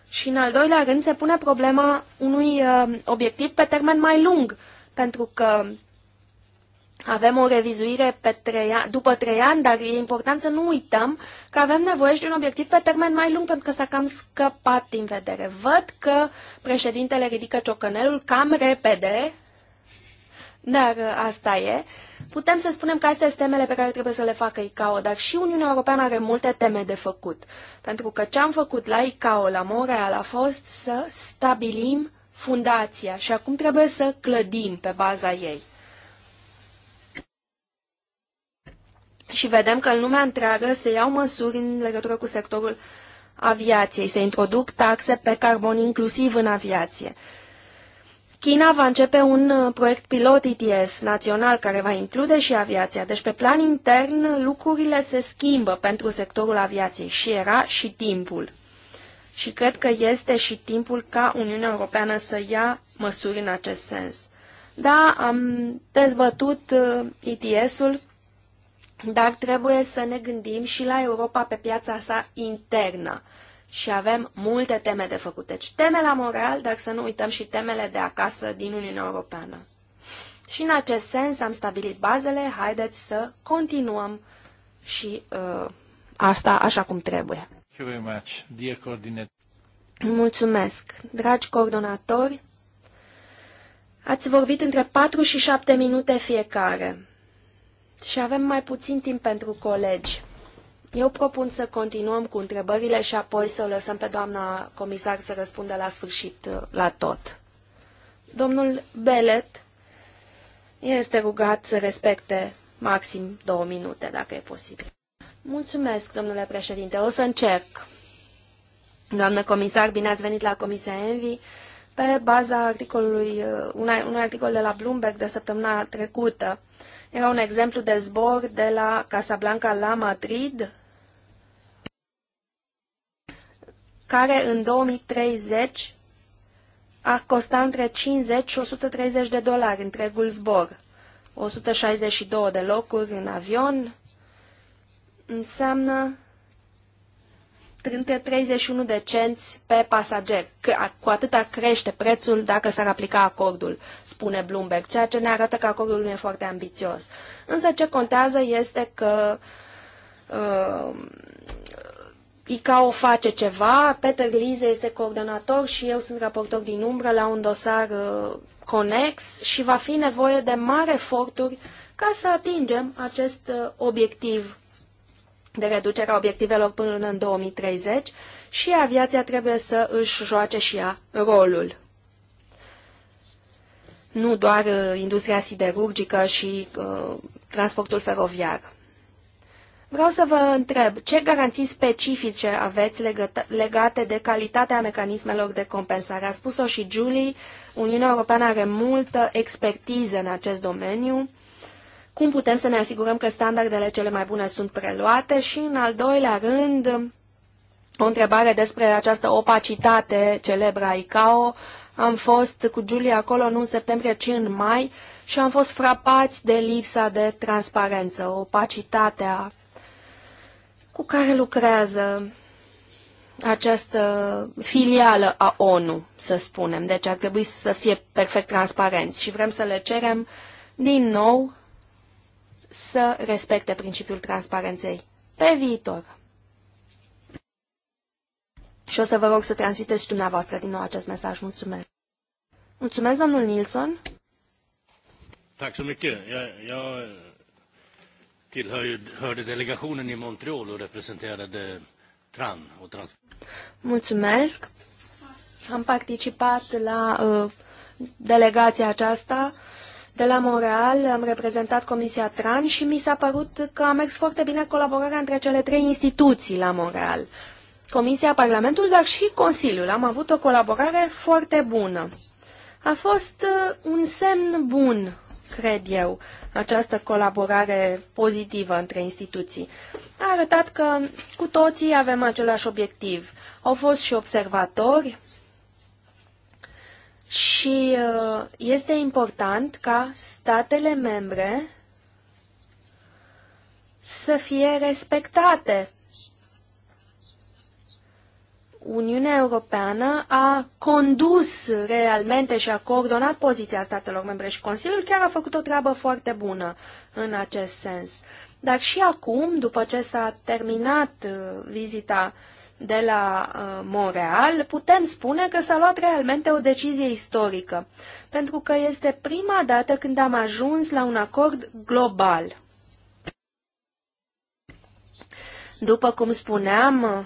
Și în al doilea rând se pune problema unui uh, obiectiv pe termen mai lung, pentru că avem o revizuire pe trei, după trei ani, dar e important să nu uităm că avem nevoie și de un obiectiv pe termen mai lung, pentru că s-a cam scăpat din vedere. Văd că președintele ridică ciocănelul cam repede, dar asta e. Putem să spunem că astea sunt temele pe care trebuie să le facă ICAO, dar și Uniunea Europeană are multe teme de făcut. Pentru că ce am făcut la ICAO, la Montreal, a fost să stabilim fundația și acum trebuie să clădim pe baza ei. și vedem că în lumea întreagă se iau măsuri în legătură cu sectorul aviației. Se introduc taxe pe carbon inclusiv în aviație. China va începe un uh, proiect pilot ITS național care va include și aviația. Deci pe plan intern lucrurile se schimbă pentru sectorul aviației și era și timpul. Și cred că este și timpul ca Uniunea Europeană să ia măsuri în acest sens. Da, am dezbătut uh, ITS-ul dar trebuie să ne gândim și la Europa pe piața sa internă. Și avem multe teme de făcut. Deci teme la moral, dar să nu uităm și temele de acasă din Uniunea Europeană. Și în acest sens am stabilit bazele, haideți să continuăm și uh, asta așa cum trebuie. Mulțumesc, dragi coordonatori. Ați vorbit între 4 și 7 minute fiecare și avem mai puțin timp pentru colegi. Eu propun să continuăm cu întrebările și apoi să o lăsăm pe doamna comisar să răspundă la sfârșit uh, la tot. Domnul Belet este rugat să respecte maxim două minute, dacă e posibil. Mulțumesc, domnule președinte. O să încerc. Doamnă comisar, bine ați venit la Comisia Envi. Pe baza articolului, uh, unui articol de la Bloomberg de săptămâna trecută, uh, era un exemplu de zbor de la Casablanca la Madrid, care în 2030 a costat între 50 și 130 de dolari întregul zbor. 162 de locuri în avion înseamnă între 31 de cenți pe pasager. Cu atâta crește prețul dacă s-ar aplica acordul, spune Bloomberg, ceea ce ne arată că acordul nu e foarte ambițios. Însă ce contează este că uh, ICAO face ceva, Peter Lize este coordonator și eu sunt raportor din umbră la un dosar uh, conex și va fi nevoie de mari eforturi ca să atingem acest uh, obiectiv de reducere a obiectivelor până în 2030 și aviația trebuie să își joace și ea rolul. Nu doar uh, industria siderurgică și uh, transportul feroviar. Vreau să vă întreb, ce garanții specifice aveți legate de calitatea mecanismelor de compensare? A spus-o și Julie, Uniunea Europeană are multă expertiză în acest domeniu cum putem să ne asigurăm că standardele cele mai bune sunt preluate și, în al doilea rând, o întrebare despre această opacitate celebră a ICAO. Am fost cu Julia acolo nu în septembrie, ci în mai și am fost frapați de lipsa de transparență, opacitatea cu care lucrează această filială a ONU, să spunem. Deci ar trebui să fie perfect transparenți și vrem să le cerem din nou să respecte principiul transparenței pe viitor. Și o să vă rog să transmiteți și dumneavoastră din nou acest mesaj. Mulțumesc. Mulțumesc, domnul Nilsson. Mulțumesc. delegationen i Montreal och representerade TRAN och trans... Mulțumesc. Am participat la uh, delegația aceasta de la Montreal, am reprezentat Comisia TRAN și mi s-a părut că a mers foarte bine colaborarea între cele trei instituții la Montreal. Comisia, Parlamentul, dar și Consiliul. Am avut o colaborare foarte bună. A fost uh, un semn bun, cred eu, această colaborare pozitivă între instituții. A arătat că cu toții avem același obiectiv. Au fost și observatori, și uh, este important ca statele membre să fie respectate. Uniunea Europeană a condus realmente și a coordonat poziția statelor membre și Consiliul chiar a făcut o treabă foarte bună în acest sens. Dar și acum, după ce s-a terminat uh, vizita de la uh, Montreal, putem spune că s-a luat realmente o decizie istorică, pentru că este prima dată când am ajuns la un acord global. După cum spuneam,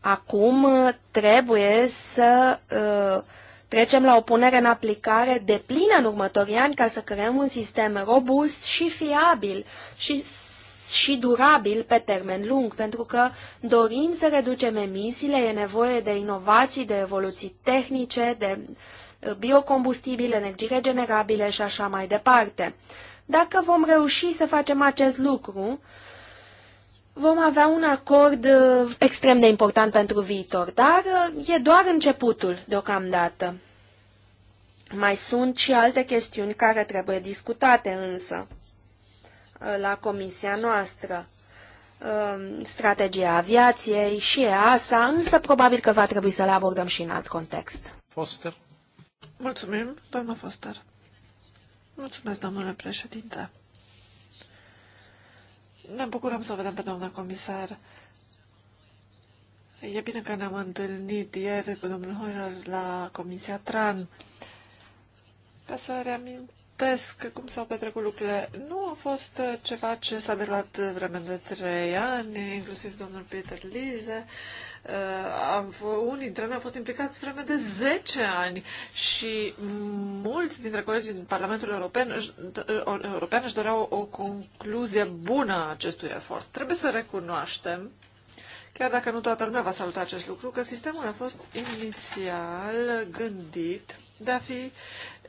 acum trebuie să uh, trecem la o punere în aplicare de plină în următorii ani ca să creăm un sistem robust și fiabil și și durabil pe termen lung, pentru că dorim să reducem emisiile, e nevoie de inovații, de evoluții tehnice, de uh, biocombustibile, energii regenerabile și așa mai departe. Dacă vom reuși să facem acest lucru, vom avea un acord uh, extrem de important pentru viitor, dar uh, e doar începutul deocamdată. Mai sunt și alte chestiuni care trebuie discutate însă. Uh, la comisia noastră um, strategia aviației și EASA, însă probabil că va trebui să le abordăm și în alt context. Foster. Mulțumim, doamna Foster. Mulțumesc, domnule președinte. Ne bucurăm să o vedem pe doamna comisar. E bine că ne-am întâlnit ieri cu domnul Hoyer la Comisia TRAN ca să reamint amintesc cum s-au petrecut lucrurile. Nu a fost uh, ceva ce s-a derulat uh, vreme de trei ani, inclusiv domnul Peter Lize. Uh, unii dintre noi au fost implicați vreme de 10 ani și mulți dintre colegii din Parlamentul European, uh, European își doreau o concluzie bună a acestui efort. Trebuie să recunoaștem chiar dacă nu toată lumea va saluta acest lucru, că sistemul a fost inițial gândit de a fi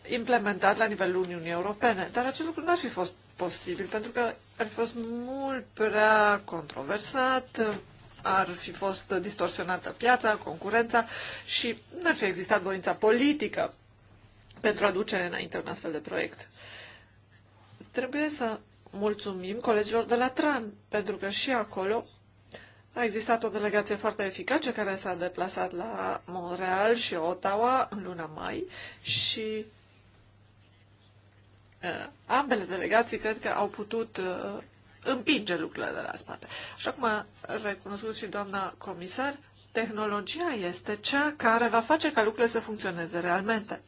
implementat la nivelul Uniunii Europene. Dar acest lucru n-ar fi fost posibil, pentru că ar fi fost mult prea controversat, ar fi fost distorsionată piața, concurența și n-ar fi existat voința politică pentru a duce înainte un astfel de proiect. Trebuie să mulțumim colegilor de la TRAN, pentru că și acolo a existat o delegație foarte eficace care s-a deplasat la Montreal și Ottawa în luna mai și Eh, ambele delegații cred că au putut eh, împinge lucrurile de la spate. Așa cum a recunoscut și doamna comisar, tehnologia este cea care va face ca lucrurile să funcționeze realmente.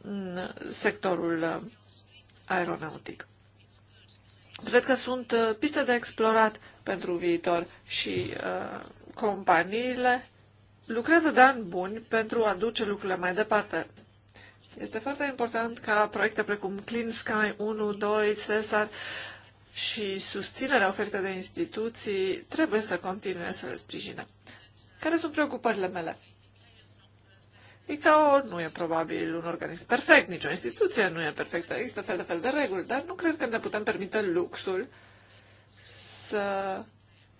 În sectorul eh, aeronautic. Cred că sunt piste de explorat pentru viitor și uh, companiile lucrează de ani buni pentru a duce lucrurile mai departe. Este foarte important ca proiecte precum Clean Sky 1, 2, CESAR și susținerea oferită de instituții trebuie să continue să le sprijine. Care sunt preocupările mele? ICAO nu e probabil un organism perfect, nicio instituție nu e perfectă, există fel de fel de reguli, dar nu cred că ne putem permite luxul să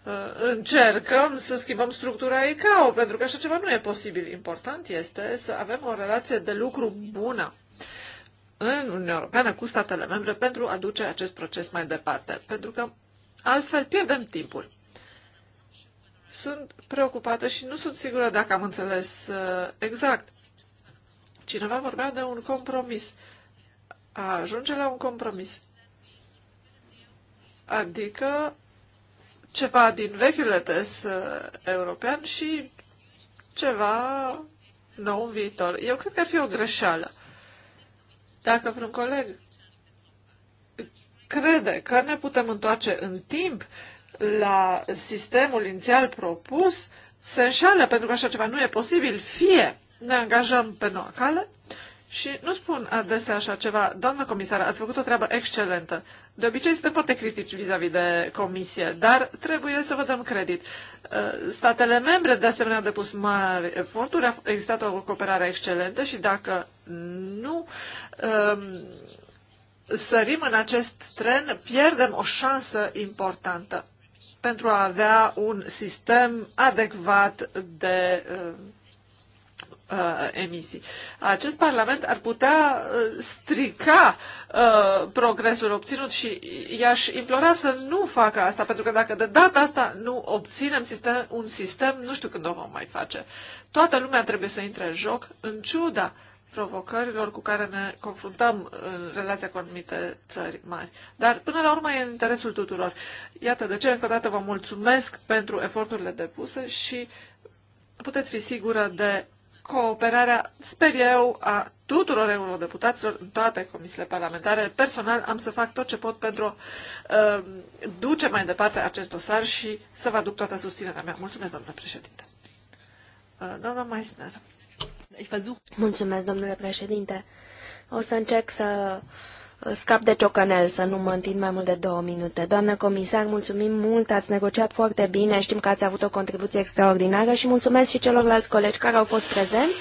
Uh, încercăm să schimbăm structura ICAO, pentru că așa ceva nu e posibil. Important este să avem o relație de lucru bună în Uniunea Europeană cu statele membre pentru a duce acest proces mai departe, pentru că altfel pierdem timpul. Sunt preocupată și nu sunt sigură dacă am înțeles uh, exact. Cineva vorbea de un compromis. A ajunge la un compromis. Adică ceva din vechiul ETS uh, european și ceva nou în viitor. Eu cred că ar fi o greșeală. Dacă vreun coleg crede că ne putem întoarce în timp la sistemul inițial propus, se înșală pentru că așa ceva nu e posibil. Fie ne angajăm pe noua cale, și nu spun adesea așa ceva, doamnă comisară, ați făcut o treabă excelentă. De obicei suntem foarte critici vis-a-vis -vis de comisie, dar trebuie să vă dăm credit. Uh, statele membre, de asemenea, au depus mari eforturi, a existat o cooperare excelentă și dacă nu um, sărim în acest tren, pierdem o șansă importantă pentru a avea un sistem adecvat de um, uh, emisii. Acest Parlament ar putea uh, strica uh, progresul obținut și i-aș implora să nu facă asta, pentru că dacă de data asta nu obținem sistem, un sistem, nu știu când o vom mai face. Toată lumea trebuie să intre în joc, în ciuda provocărilor cu care ne confruntăm în relația cu anumite țări mari. Dar, până la urmă, e în interesul tuturor. Iată de ce, încă o dată, vă mulțumesc pentru eforturile depuse și puteți fi sigură de cooperarea, sper eu, a tuturor eurodeputaților în toate comisiile parlamentare. Personal am să fac tot ce pot pentru a um, duce mai departe acest dosar și să vă aduc toată susținerea mea. Mulțumesc, domnule președinte. Uh, doamna Meissner. Mulțumesc, domnule președinte. O să încerc să scap de ciocanel, să nu mă întind mai mult de două minute. Doamnă comisar, mulțumim mult, ați negociat foarte bine, știm că ați avut o contribuție extraordinară și mulțumesc și celorlalți colegi care au fost prezenți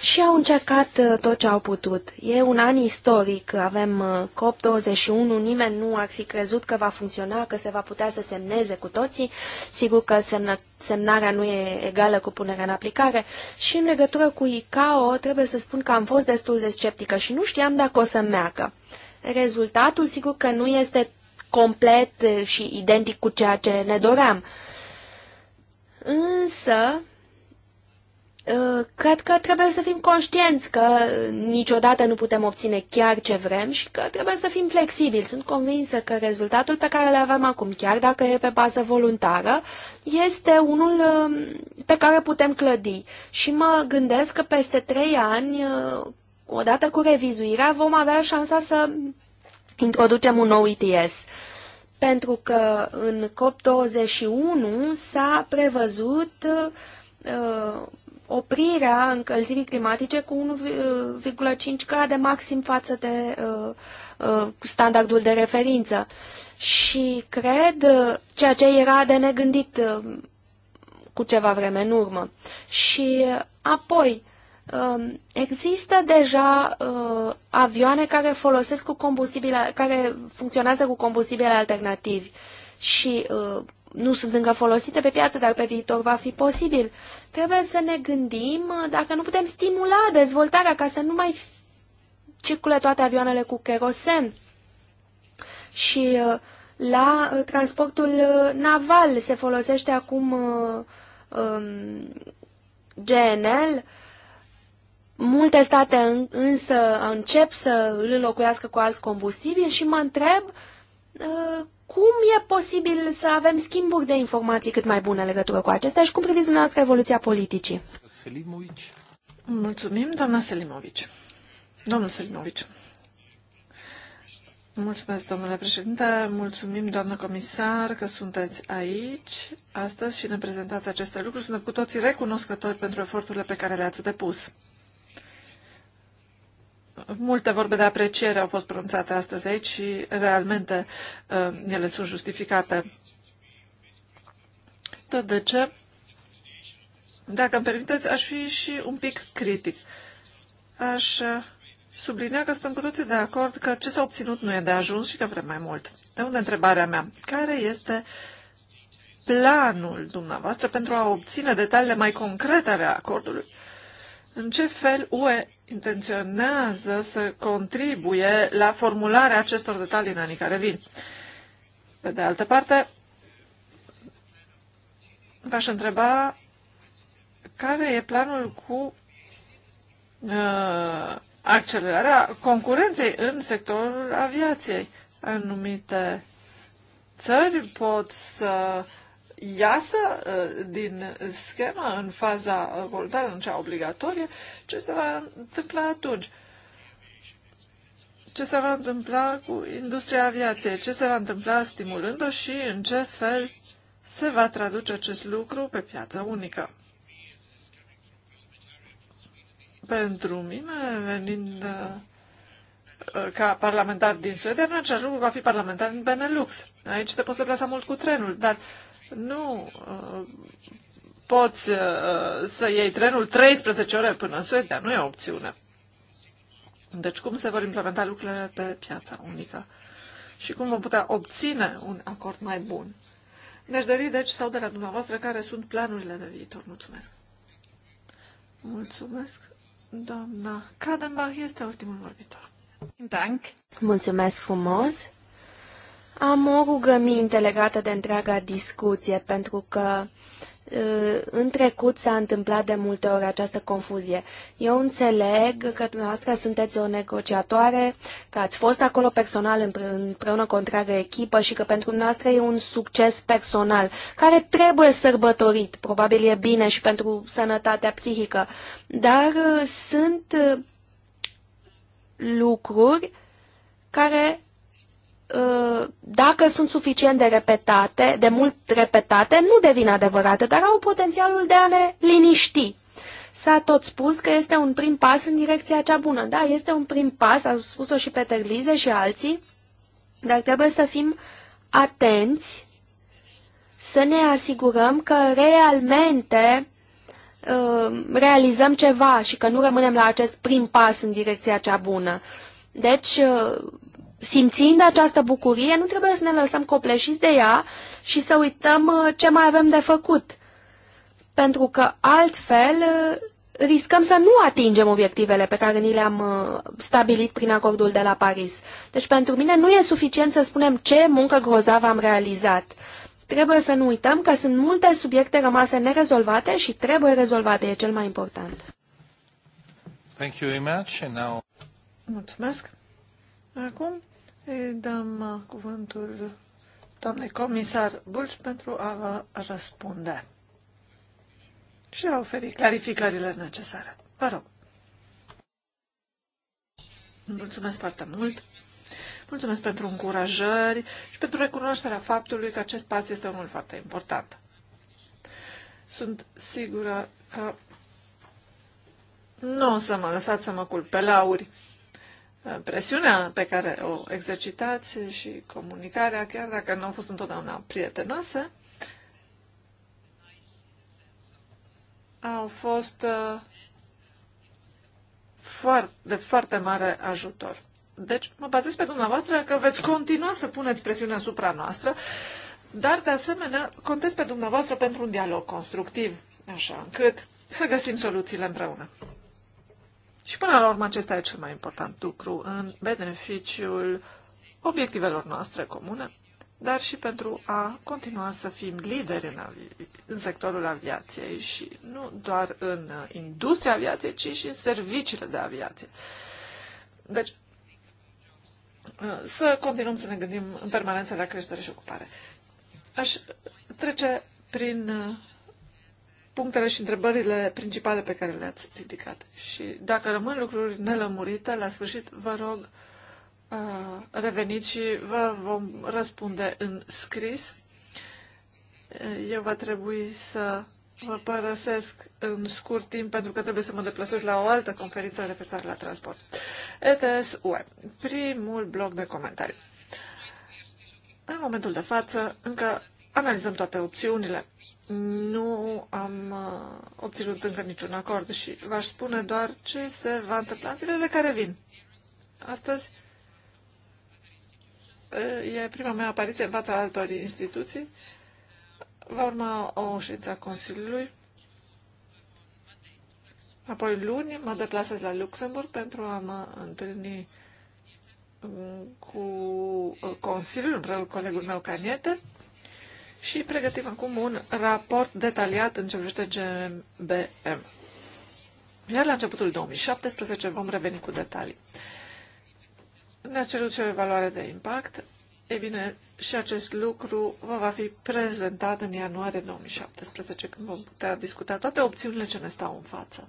și au încercat uh, tot ce au putut. E un an istoric, avem uh, COP21, nimeni nu ar fi crezut că va funcționa, că se va putea să semneze cu toții. Sigur că semnă, semnarea nu e egală cu punerea în aplicare. Și în legătură cu ICAO, trebuie să spun că am fost destul de sceptică și nu știam dacă o să meargă. Rezultatul, sigur că nu este complet și identic cu ceea ce ne doream. Însă, uh, cred că trebuie să fim conștienți că niciodată nu putem obține chiar ce vrem și că trebuie să fim flexibili. Sunt convinsă că rezultatul pe care îl avem acum, chiar dacă e pe bază voluntară, este unul uh, pe care putem clădi. Și mă gândesc că peste trei ani uh, odată cu revizuirea, vom avea șansa să introducem un nou ITS. Pentru că în COP21 s-a prevăzut uh, oprirea încălzirii climatice cu 1,5 uh, grade maxim față de uh, uh, standardul de referință. Și cred ceea ce era de negândit uh, cu ceva vreme în urmă. Și uh, apoi, uh, Um, există deja uh, avioane care folosesc cu combustibil, care funcționează cu combustibile alternativi și uh, nu sunt încă folosite pe piață, dar pe viitor va fi posibil. Trebuie să ne gândim uh, dacă nu putem stimula dezvoltarea ca să nu mai circule toate avioanele cu kerosen. Și uh, la uh, transportul uh, naval se folosește acum uh, um, GNL, Multe state însă încep să îl înlocuiască cu alți combustibili și mă întreb uh, cum e posibil să avem schimburi de informații cât mai bune în legătură cu acestea și cum priviți dumneavoastră evoluția politicii? Selimovic. Mulțumim, doamna Selimovici. Domnul Selimovici. Mulțumesc, domnule președinte, mulțumim, doamnă comisar, că sunteți aici astăzi și ne prezentați aceste lucruri. Suntem cu toții recunoscători pentru eforturile pe care le-ați depus. Multe vorbe de apreciere au fost pronunțate astăzi aici și realmente uh, ele sunt justificate. Tot de ce? Dacă îmi permiteți, aș fi și un pic critic. Aș uh, sublinia că suntem cu toții de acord că ce s-a obținut nu e de ajuns și că vrem mai mult. De unde întrebarea mea? Care este planul dumneavoastră pentru a obține detaliile mai concrete ale acordului? În ce fel UE intenționează să contribuie la formularea acestor detalii în anii care vin. Pe de altă parte, v-aș întreba care e planul cu uh, accelerarea concurenței în sectorul aviației. Anumite țări pot să uh, iasă uh, din schemă în faza voluntară, în cea obligatorie, ce se va întâmpla atunci? Ce se va întâmpla cu industria aviației? Ce se va întâmpla stimulând-o și în ce fel se va traduce acest lucru pe piața unică? Pentru mine, venind uh, ca parlamentar din Suedia, nu același lucru ca fi parlamentar în Benelux. Aici te poți deplasa mult cu trenul, dar nu uh, poți uh, să iei trenul 13 ore până în Suedia, nu e o opțiune. Deci cum se vor implementa lucrurile pe piața unică și cum vom putea obține un acord mai bun. Mi-aș dori, deci, sau de la dumneavoastră, care sunt planurile de viitor. Mulțumesc. Mulțumesc. Doamna Kadenbach este ultimul vorbitor. Dank. Mulțumesc frumos. Am o rugăminte legată de întreaga discuție, pentru că în trecut s-a întâmplat de multe ori această confuzie. Eu înțeleg că dumneavoastră sunteți o negociatoare, că ați fost acolo personal împreună cu o întreagă echipă și că pentru dumneavoastră e un succes personal care trebuie sărbătorit. Probabil e bine și pentru sănătatea psihică, dar sunt lucruri care Uh, dacă sunt suficient de repetate, de mult repetate, nu devin adevărate, dar au potențialul de a ne liniști. S-a tot spus că este un prim pas în direcția cea bună. Da, este un prim pas, au spus-o și Peter Lize și alții, dar trebuie să fim atenți, să ne asigurăm că realmente uh, realizăm ceva și că nu rămânem la acest prim pas în direcția cea bună. Deci, uh, simțind această bucurie, nu trebuie să ne lăsăm copleșiți de ea și să uităm uh, ce mai avem de făcut. Pentru că altfel uh, riscăm să nu atingem obiectivele pe care ni le-am uh, stabilit prin acordul de la Paris. Deci pentru mine nu e suficient să spunem ce muncă grozavă am realizat. Trebuie să nu uităm că sunt multe subiecte rămase nerezolvate și trebuie rezolvate, e cel mai important. Thank you very much. And now... Mulțumesc. Acum îi dăm uh, cuvântul doamnei comisar Bulci pentru a vă răspunde și a oferi clarificările necesare. Vă rog. Mulțumesc foarte mult. Mulțumesc pentru încurajări și pentru recunoașterea faptului că acest pas este unul foarte important. Sunt sigură că nu o să mă lăsați să mă culp pe lauri presiunea pe care o exercitați și comunicarea, chiar dacă nu au fost întotdeauna prietenoase, au fost uh, de foarte mare ajutor. Deci mă bazez pe dumneavoastră că veți continua să puneți presiune asupra noastră, dar de asemenea contez pe dumneavoastră pentru un dialog constructiv, așa încât să găsim soluțiile împreună. Și până la urmă acesta e cel mai important lucru în beneficiul obiectivelor noastre comune, dar și pentru a continua să fim lideri în, avi- în sectorul aviației și nu doar în industria aviației, ci și în serviciile de aviație. Deci, să continuăm să ne gândim în permanență la creștere și ocupare. Aș trece prin punctele și întrebările principale pe care le-ați ridicat. Și dacă rămân lucruri nelămurite, la sfârșit vă rog uh, reveniți și vă vom răspunde în scris. Uh, eu va trebui să vă părăsesc în scurt timp pentru că trebuie să mă deplasez la o altă conferință referitoare la transport. ETS UE. Primul bloc de comentarii. În momentul de față, încă analizăm toate opțiunile nu am uh, obținut încă niciun acord și v-aș spune doar ce se va întâmpla în zilele care vin. Astăzi uh, e prima mea apariție în fața altor instituții. Va urma o ședință a Consiliului. Apoi luni mă deplasez la Luxemburg pentru a mă întâlni uh, cu Consiliul, împreună cu colegul meu Caniete și pregătim acum un raport detaliat în ce privește GMBM. Iar la începutul 2017 vom reveni cu detalii. Ne-ați cerut și o evaluare de impact. E bine, și acest lucru vă va fi prezentat în ianuarie 2017, când vom putea discuta toate opțiunile ce ne stau în față.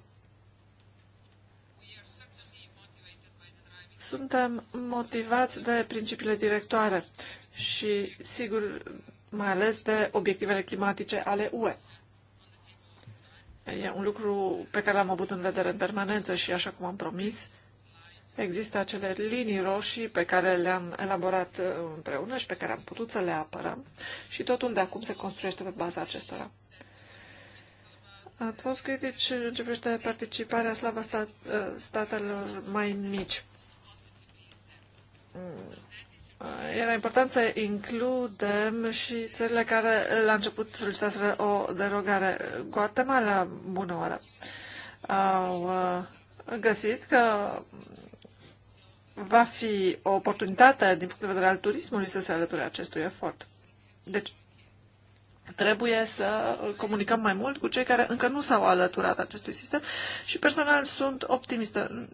Suntem motivați de principiile directoare și, sigur, mai ales de obiectivele climatice ale UE. E un lucru pe care l-am avut în vedere în permanență și, așa cum am promis, există acele linii roșii pe care le-am elaborat uh, împreună și pe care am putut să le apărăm și totul de acum se construiește pe baza acestora. Ați fost critici în ce privește participarea slavă stat, uh, statelor mai mici mm era important să includem și țările care la început solicitaseră o derogare. Guatemala, bună oară, au uh, găsit că va fi o oportunitate din punct de vedere al turismului să se alăture acestui efort. Deci, trebuie să comunicăm mai mult cu cei care încă nu s-au alăturat acestui sistem și personal sunt optimistă.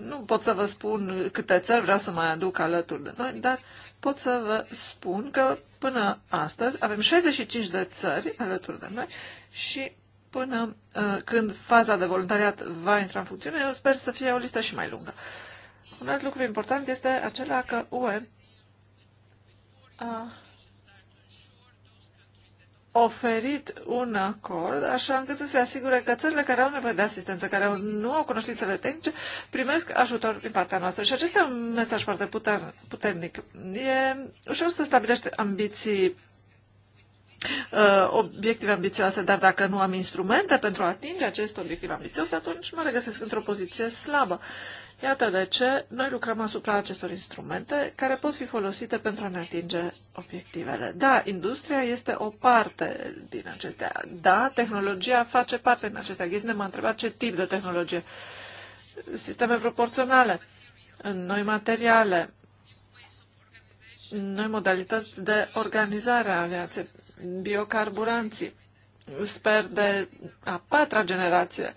Nu pot să vă spun câte țări vreau să mai aduc alături de noi, dar pot să vă spun că până astăzi avem 65 de țări alături de noi și până uh, când faza de voluntariat va intra în funcțiune, eu sper să fie o listă și mai lungă. Un alt lucru important este acela că UE a oferit un acord, așa încât să se asigure că țările care au nevoie de asistență, care nu au cunoștințele tehnice, primesc ajutor din partea noastră. Și acesta e un mesaj foarte puternic. E ușor să stabilești ambiții uh, obiective ambițioase, dar dacă nu am instrumente pentru a atinge acest obiectiv ambițios, atunci mă regăsesc într-o poziție slabă. Iată de ce noi lucrăm asupra acestor instrumente care pot fi folosite pentru a ne atinge obiectivele. Da, industria este o parte din acestea. Da, tehnologia face parte din acestea. Ghizne m-a întrebat ce tip de tehnologie. Sisteme proporționale, noi materiale, noi modalități de organizare a viaței, biocarburanții, sper de a patra generație.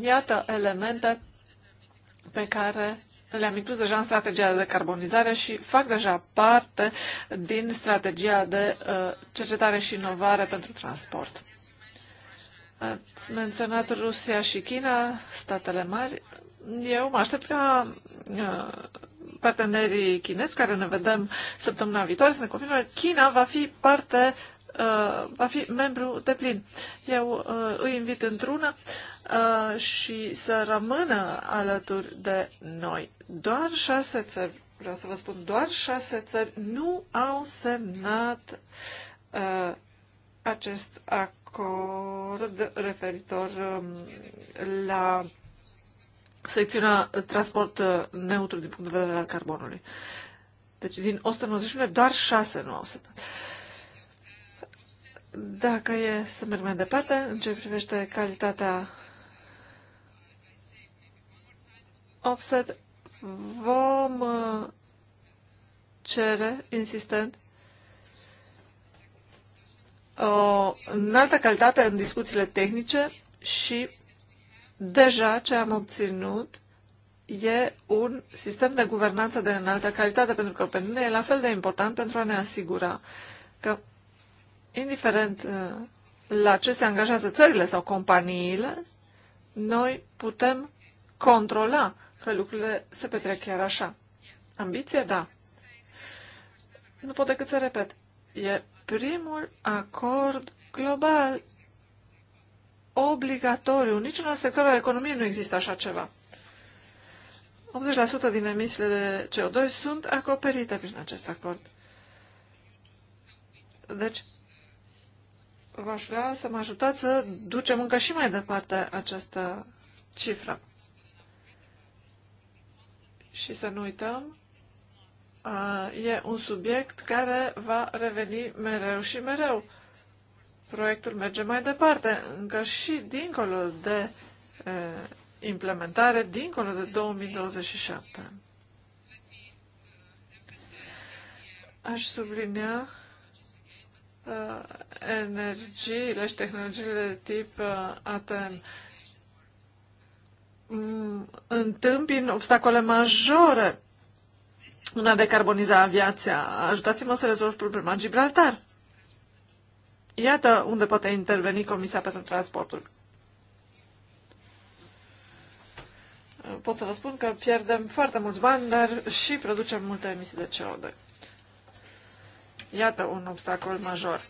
Iată elemente pe care le-am inclus deja în strategia de carbonizare și fac deja parte din strategia de uh, cercetare și inovare pentru transport. Ați menționat Rusia și China, statele mari. Eu mă aștept ca uh, partenerii chinezi, care ne vedem săptămâna viitoare, să ne confirme că China va fi parte Uh, va fi membru de plin. Eu uh, îi invit într-una uh, și să rămână alături de noi. Doar șase țări, vreau să vă spun, doar șase țări nu au semnat uh, acest acord referitor um, la secțiunea transport uh, neutru din punct de vedere al carbonului. Deci din 191 doar șase nu au semnat. Uh, dacă e să merg mai departe, în ce privește calitatea offset, vom uh, cere insistent o înaltă calitate în discuțiile tehnice și deja ce am obținut e un sistem de guvernanță de înaltă calitate, pentru că pentru noi e la fel de important pentru a ne asigura că indiferent uh, la ce se angajează țările sau companiile, noi putem controla că lucrurile se petrec chiar așa. Ambiție, da. Nu pot decât să repet. E primul acord global obligatoriu. Niciun alt sector al economiei nu există așa ceva. 80% din emisiile de CO2 sunt acoperite prin acest acord. Deci, v-aș vrea să mă ajutați să ducem încă și mai departe această cifră. Și să nu uităm, e un subiect care va reveni mereu și mereu. Proiectul merge mai departe, încă și dincolo de implementare, dincolo de 2027. Aș sublinia Uh, energiile și tehnologiile de tip uh, ATM mm, întâmpin obstacole majore în a decarboniza aviația. Ajutați-mă să rezolv problema Gibraltar. Iată unde poate interveni Comisia pentru Transportul. Pot să vă spun că pierdem foarte mulți bani, dar și producem multe emisii de CO2. Iată un obstacol major.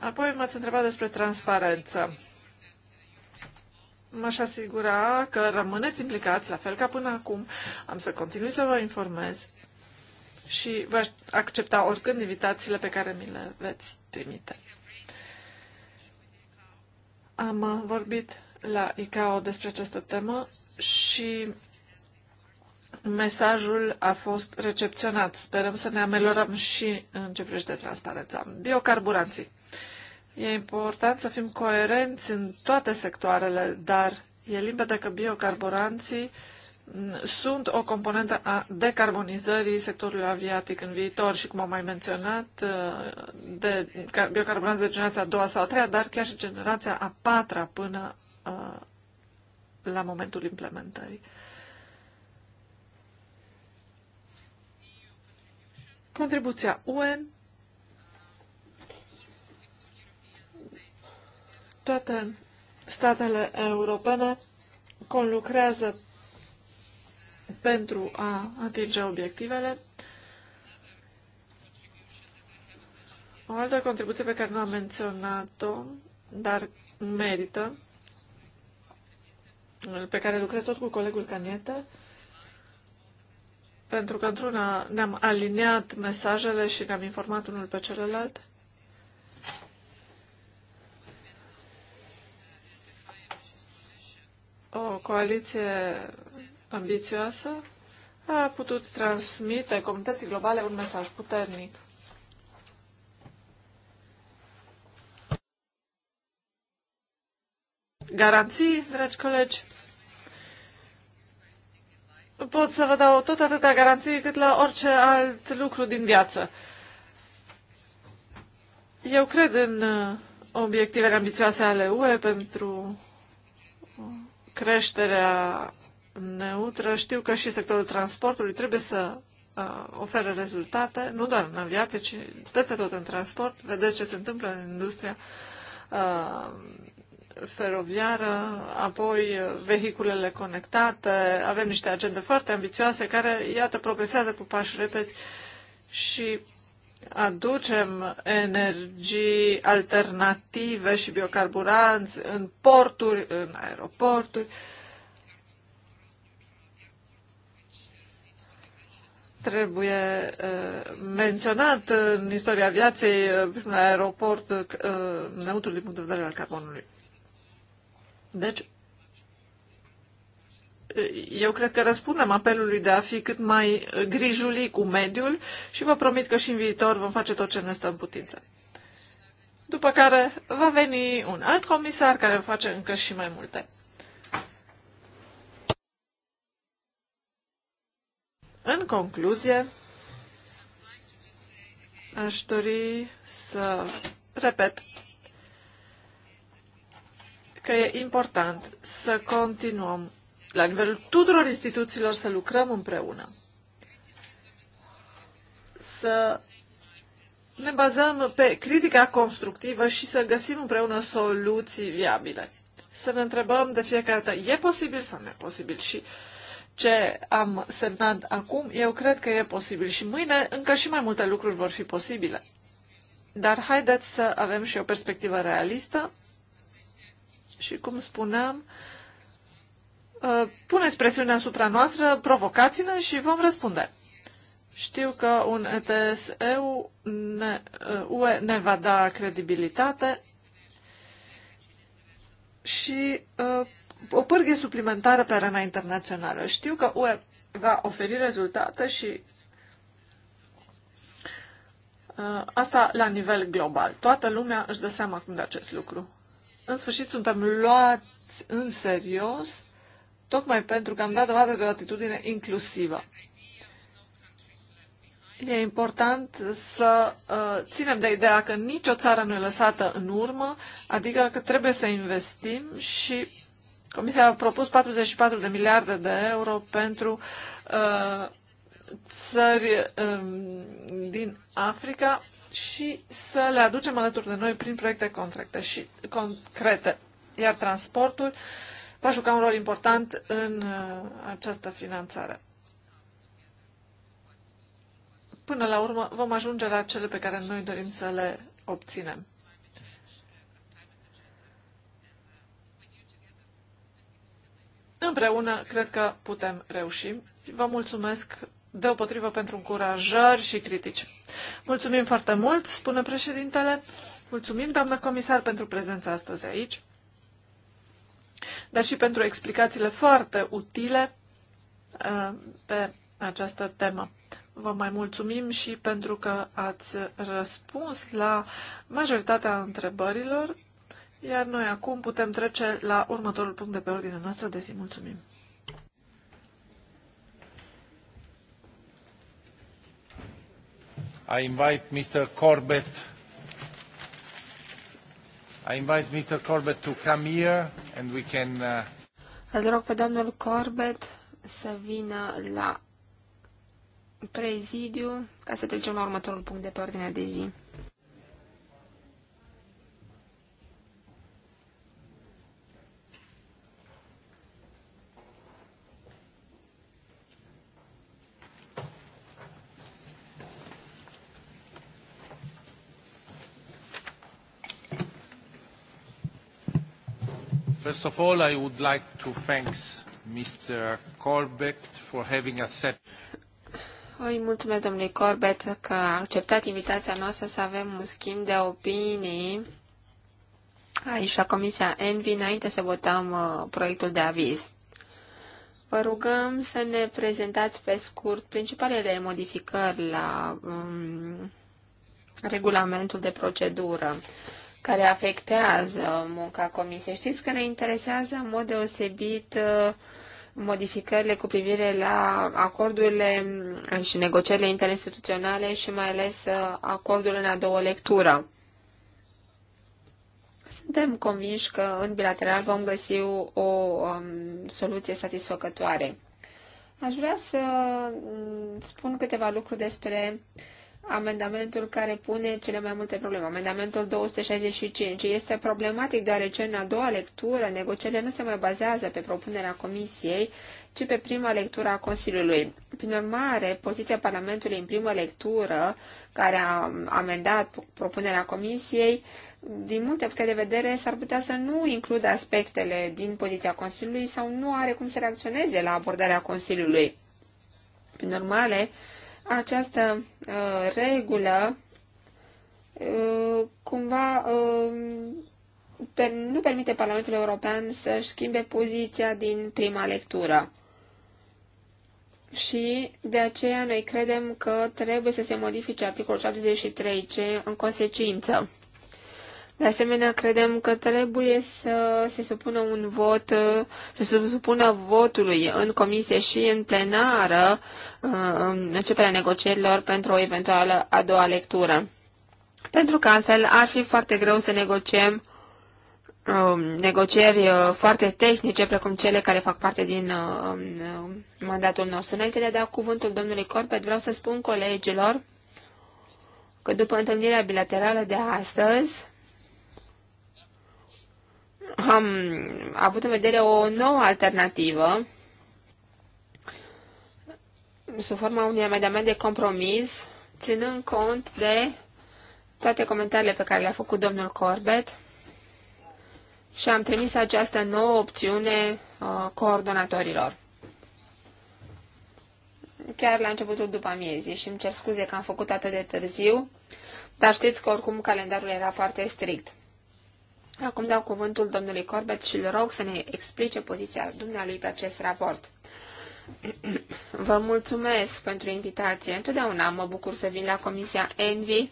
Apoi m-ați întrebat despre transparență. M-aș asigura că rămâneți implicați, la fel ca până acum. Am să continui să vă informez și vă accepta oricând invitațiile pe care mi le veți trimite. Am vorbit la ICAO despre această temă și mesajul a fost recepționat. Sperăm să ne ameliorăm și în ce privește transparența. Biocarburanții. E important să fim coerenți în toate sectoarele, dar e limpede că biocarburanții sunt o componentă a decarbonizării sectorului aviatic în viitor și, cum am mai menționat, de biocarburanți de generația a doua sau a treia, dar chiar și generația a patra până uh, la momentul implementării. Contribuția UE toate statele europene conlucrează pentru a atinge obiectivele. O altă contribuție pe care nu am menționat-o, dar merită, pe care lucrez tot cu colegul Caniete, pentru că într-una ne-am aliniat mesajele și ne-am informat unul pe celălalt. O coaliție ambițioasă a putut transmite comunității globale un mesaj puternic. Garanții, dragi colegi, pot să vă dau tot atâta garanție cât la orice alt lucru din viață. Eu cred în uh, obiectivele ambițioase ale UE pentru creșterea neutră. Știu că și sectorul transportului trebuie să uh, oferă rezultate, nu doar în aviație, ci peste tot în transport. Vedeți ce se întâmplă în industria uh, feroviară, apoi vehiculele conectate. Avem niște agende foarte ambițioase care, iată, progresează cu pași repezi și aducem energii alternative și biocarburanți în porturi, în aeroporturi. Trebuie uh, menționat în istoria aviației uh, primul aeroport uh, neutru din punct de vedere al carbonului. Deci, eu cred că răspundem apelului de a fi cât mai grijuli cu mediul și vă promit că și în viitor vom face tot ce ne stă în putință. După care va veni un alt comisar care va face încă și mai multe. În concluzie, aș dori să repet că e important să continuăm la nivelul tuturor instituțiilor să lucrăm împreună, să ne bazăm pe critica constructivă și să găsim împreună soluții viabile. Să ne întrebăm de fiecare dată, e posibil sau nu e posibil și ce am semnat acum, eu cred că e posibil și mâine încă și mai multe lucruri vor fi posibile. Dar haideți să avem și o perspectivă realistă și, cum spuneam, uh, puneți presiunea asupra noastră, provocați-ne și vom răspunde. Știu că un ETS EU ne, UE uh, ne va da credibilitate și uh, o pârghie suplimentară pe arena internațională. Știu că UE va oferi rezultate și uh, asta la nivel global. Toată lumea își dă seama acum de acest lucru în sfârșit suntem luați în serios tocmai pentru că am dat dovadă de o atitudine inclusivă. E important să uh, ținem de ideea că nicio țară nu e lăsată în urmă, adică că trebuie să investim și Comisia a propus 44 de miliarde de euro pentru uh, țări um, din Africa și să le aducem alături de noi prin proiecte contracte și concrete. Iar transportul va juca un rol important în uh, această finanțare. Până la urmă vom ajunge la cele pe care noi dorim să le obținem. Împreună cred că putem reuși. Vă mulțumesc deopotrivă pentru încurajări și critici. Mulțumim foarte mult, spune președintele. Mulțumim, doamnă comisar, pentru prezența astăzi aici, dar și pentru explicațiile foarte utile uh, pe această temă. Vă mai mulțumim și pentru că ați răspuns la majoritatea întrebărilor, iar noi acum putem trece la următorul punct de pe ordinea noastră de zi. Mulțumim! I invite Mr. Corbett. I invite Mr. Corbett to come here and we can uh... Îl rog pe domnul Corbett să vină la prezidiu ca să trecem la următorul punct de pe ordinea de zi. First of all, I would like to thanks Mr. Corbett for having accepted. Îi mulțumesc domnului Corbett că a acceptat invitația noastră să avem un schimb de opinii aici la Comisia Envi înainte să votăm uh, proiectul de aviz. Vă rugăm să ne prezentați pe scurt principalele modificări la um, regulamentul de procedură care afectează munca comisiei. Știți că ne interesează în mod deosebit uh, modificările cu privire la acordurile și negocierile interinstituționale și mai ales uh, acordul în a doua lectură. Suntem convinși că în bilateral vom găsi o um, soluție satisfăcătoare. Aș vrea să mm, spun câteva lucruri despre uh, amendamentul care pune cele mai multe probleme. Amendamentul 265 este problematic deoarece în a doua lectură negocierile nu se mai bazează pe propunerea Comisiei, ci pe prima lectură a Consiliului. Prin urmare, poziția Parlamentului în primă lectură, care a amendat propunerea Comisiei, din multe puncte de vedere, s-ar putea să nu includă aspectele din poziția Consiliului sau nu are cum să reacționeze la abordarea Consiliului. Prin urmare, această uh, regulă uh, cumva uh, per, nu permite Parlamentul European să-și schimbe poziția din prima lectură. Și de aceea noi credem că trebuie să se modifice articolul 73C în consecință. De asemenea, credem că trebuie să se supună un vot, să se supună votului în comisie și în plenară uh, în începerea negocierilor pentru o eventuală a doua lectură. Pentru că altfel ar fi foarte greu să negociem um, negocieri uh, foarte tehnice, precum cele care fac parte din uh, um, mandatul nostru. Înainte de a da cuvântul domnului Corpet, vreau să spun colegilor că după întâlnirea bilaterală de astăzi, am avut în vedere o nouă alternativă sub forma unui amendament de compromis, ținând cont de toate comentariile pe care le-a făcut domnul Corbett și am trimis această nouă opțiune uh, coordonatorilor. Chiar la începutul după amiezii și îmi cer scuze că am făcut atât de târziu, dar știți că oricum calendarul era foarte strict. Acum dau cuvântul domnului Corbett și îl rog să ne explice poziția dumnealui pe acest raport. Vă mulțumesc pentru invitație. Întotdeauna mă bucur să vin la Comisia Envy,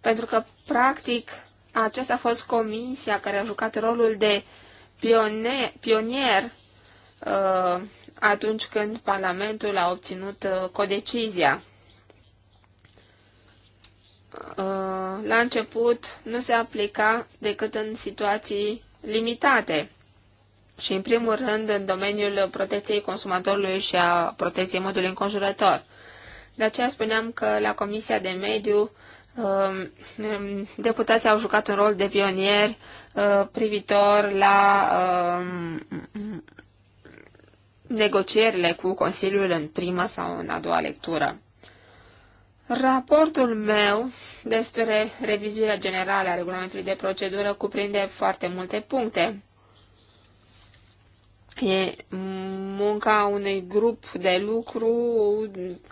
pentru că, practic, aceasta a fost comisia care a jucat rolul de pionier, pionier uh, atunci când Parlamentul a obținut uh, codecizia. Uh, la început nu se aplica decât în situații limitate și, în primul rând, în domeniul protecției consumatorului și a protecției modului înconjurător. De aceea spuneam că la Comisia de Mediu um, um, deputații au jucat un rol de pionier uh, privitor la um, negocierile cu Consiliul în prima sau în a doua lectură. Raportul meu despre revizuirea generală a regulamentului de procedură cuprinde foarte multe puncte. E munca unui grup de lucru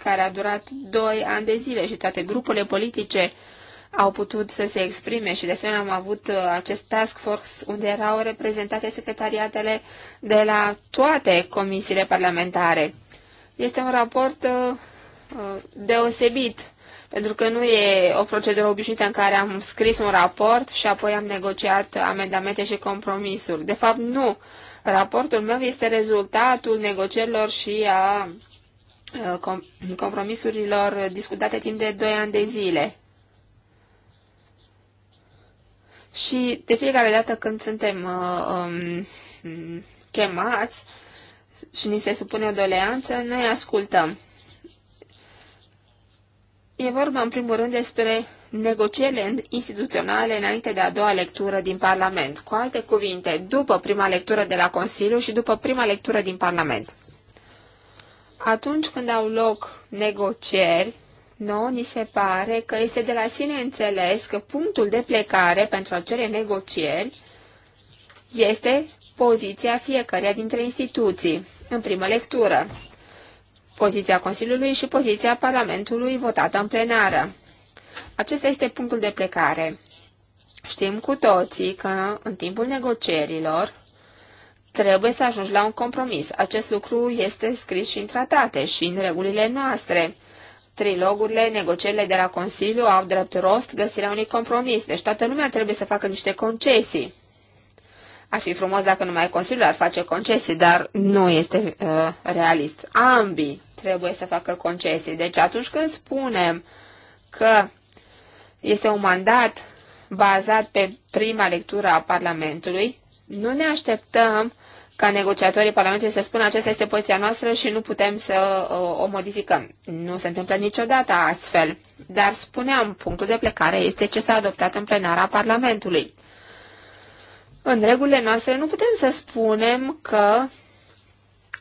care a durat doi ani de zile și toate grupurile politice au putut să se exprime și de asemenea am avut uh, acest task force unde erau reprezentate secretariatele de la toate comisiile parlamentare. Este un raport uh, Uh, deosebit, pentru că nu e o procedură obișnuită în care am scris un raport și apoi am negociat amendamente și compromisuri. De fapt, nu. Raportul meu este rezultatul negocierilor și a uh, compromisurilor discutate timp de 2 ani de zile. Și de fiecare dată când suntem uh, um, chemați și ni se supune o doleanță, noi ascultăm. E vorba, în primul rând, despre negocierile instituționale înainte de a doua lectură din Parlament. Cu alte cuvinte, după prima lectură de la Consiliu și după prima lectură din Parlament. Atunci când au loc negocieri, nu ni se pare că este de la sine înțeles că punctul de plecare pentru acele negocieri este poziția fiecăreia dintre instituții, în primă lectură poziția Consiliului și poziția Parlamentului votată în plenară. Acesta este punctul de plecare. Știm cu toții că în timpul negocierilor trebuie să ajungi la un compromis. Acest lucru este scris și în tratate și în regulile noastre. Trilogurile, negocierile de la Consiliu au drept rost găsirea unui compromis, deci toată lumea trebuie să facă niște concesii. Ar fi frumos dacă numai Consiliul ar face concesii, dar nu este uh, realist. Ambii trebuie să facă concesii. Deci atunci când spunem că este un mandat bazat pe prima lectură a Parlamentului, nu ne așteptăm ca negociatorii Parlamentului să spună aceasta este poziția noastră și nu putem să o, uh, o modificăm. Nu se întâmplă niciodată astfel. Dar spuneam, punctul de plecare este ce s-a adoptat în plenara Parlamentului. În regulile noastre nu putem să spunem că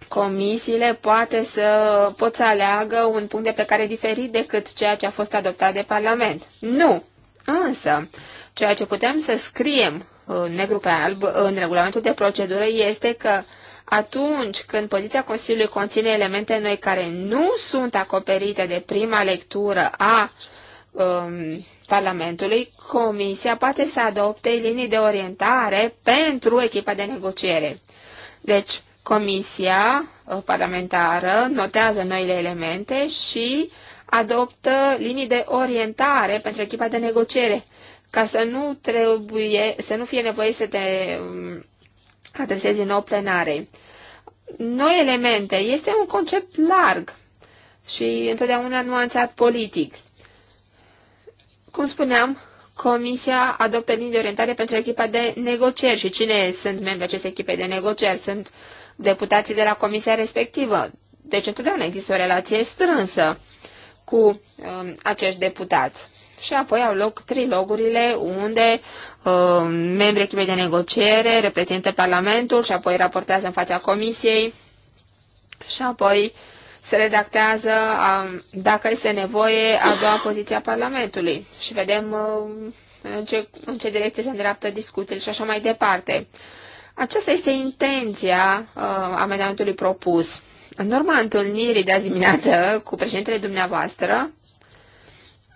comisiile poate să pot să aleagă un punct de plecare diferit decât ceea ce a fost adoptat de Parlament. Nu! Însă, ceea ce putem să scriem negru pe alb în regulamentul de procedură este că atunci când poziția Consiliului conține elemente noi care nu sunt acoperite de prima lectură a um, Parlamentului, Comisia poate să adopte linii de orientare pentru echipa de negociere. Deci, Comisia uh, parlamentară notează noile elemente și adoptă linii de orientare pentru echipa de negociere, ca să nu, trebuie, să nu fie nevoie să te um, adresezi nou plenare. Noi elemente este un concept larg și întotdeauna nuanțat politic. Cum spuneam, Comisia adoptă linii de orientare pentru echipa de negocieri. Și cine sunt membrii acestei echipe de negocieri? Sunt deputații de la comisia respectivă. Deci întotdeauna există o relație strânsă cu um, acești deputați. Și apoi au loc trilogurile unde um, membrii echipei de negociere reprezintă Parlamentul și apoi raportează în fața comisiei și apoi uh, se redactează dacă este nevoie a doua poziție a Parlamentului și vedem uh, în ce, în ce direcție se îndreaptă discuțiile și așa mai departe. Aceasta este intenția uh, amendamentului propus. În urma întâlnirii de azi dimineață cu președintele dumneavoastră,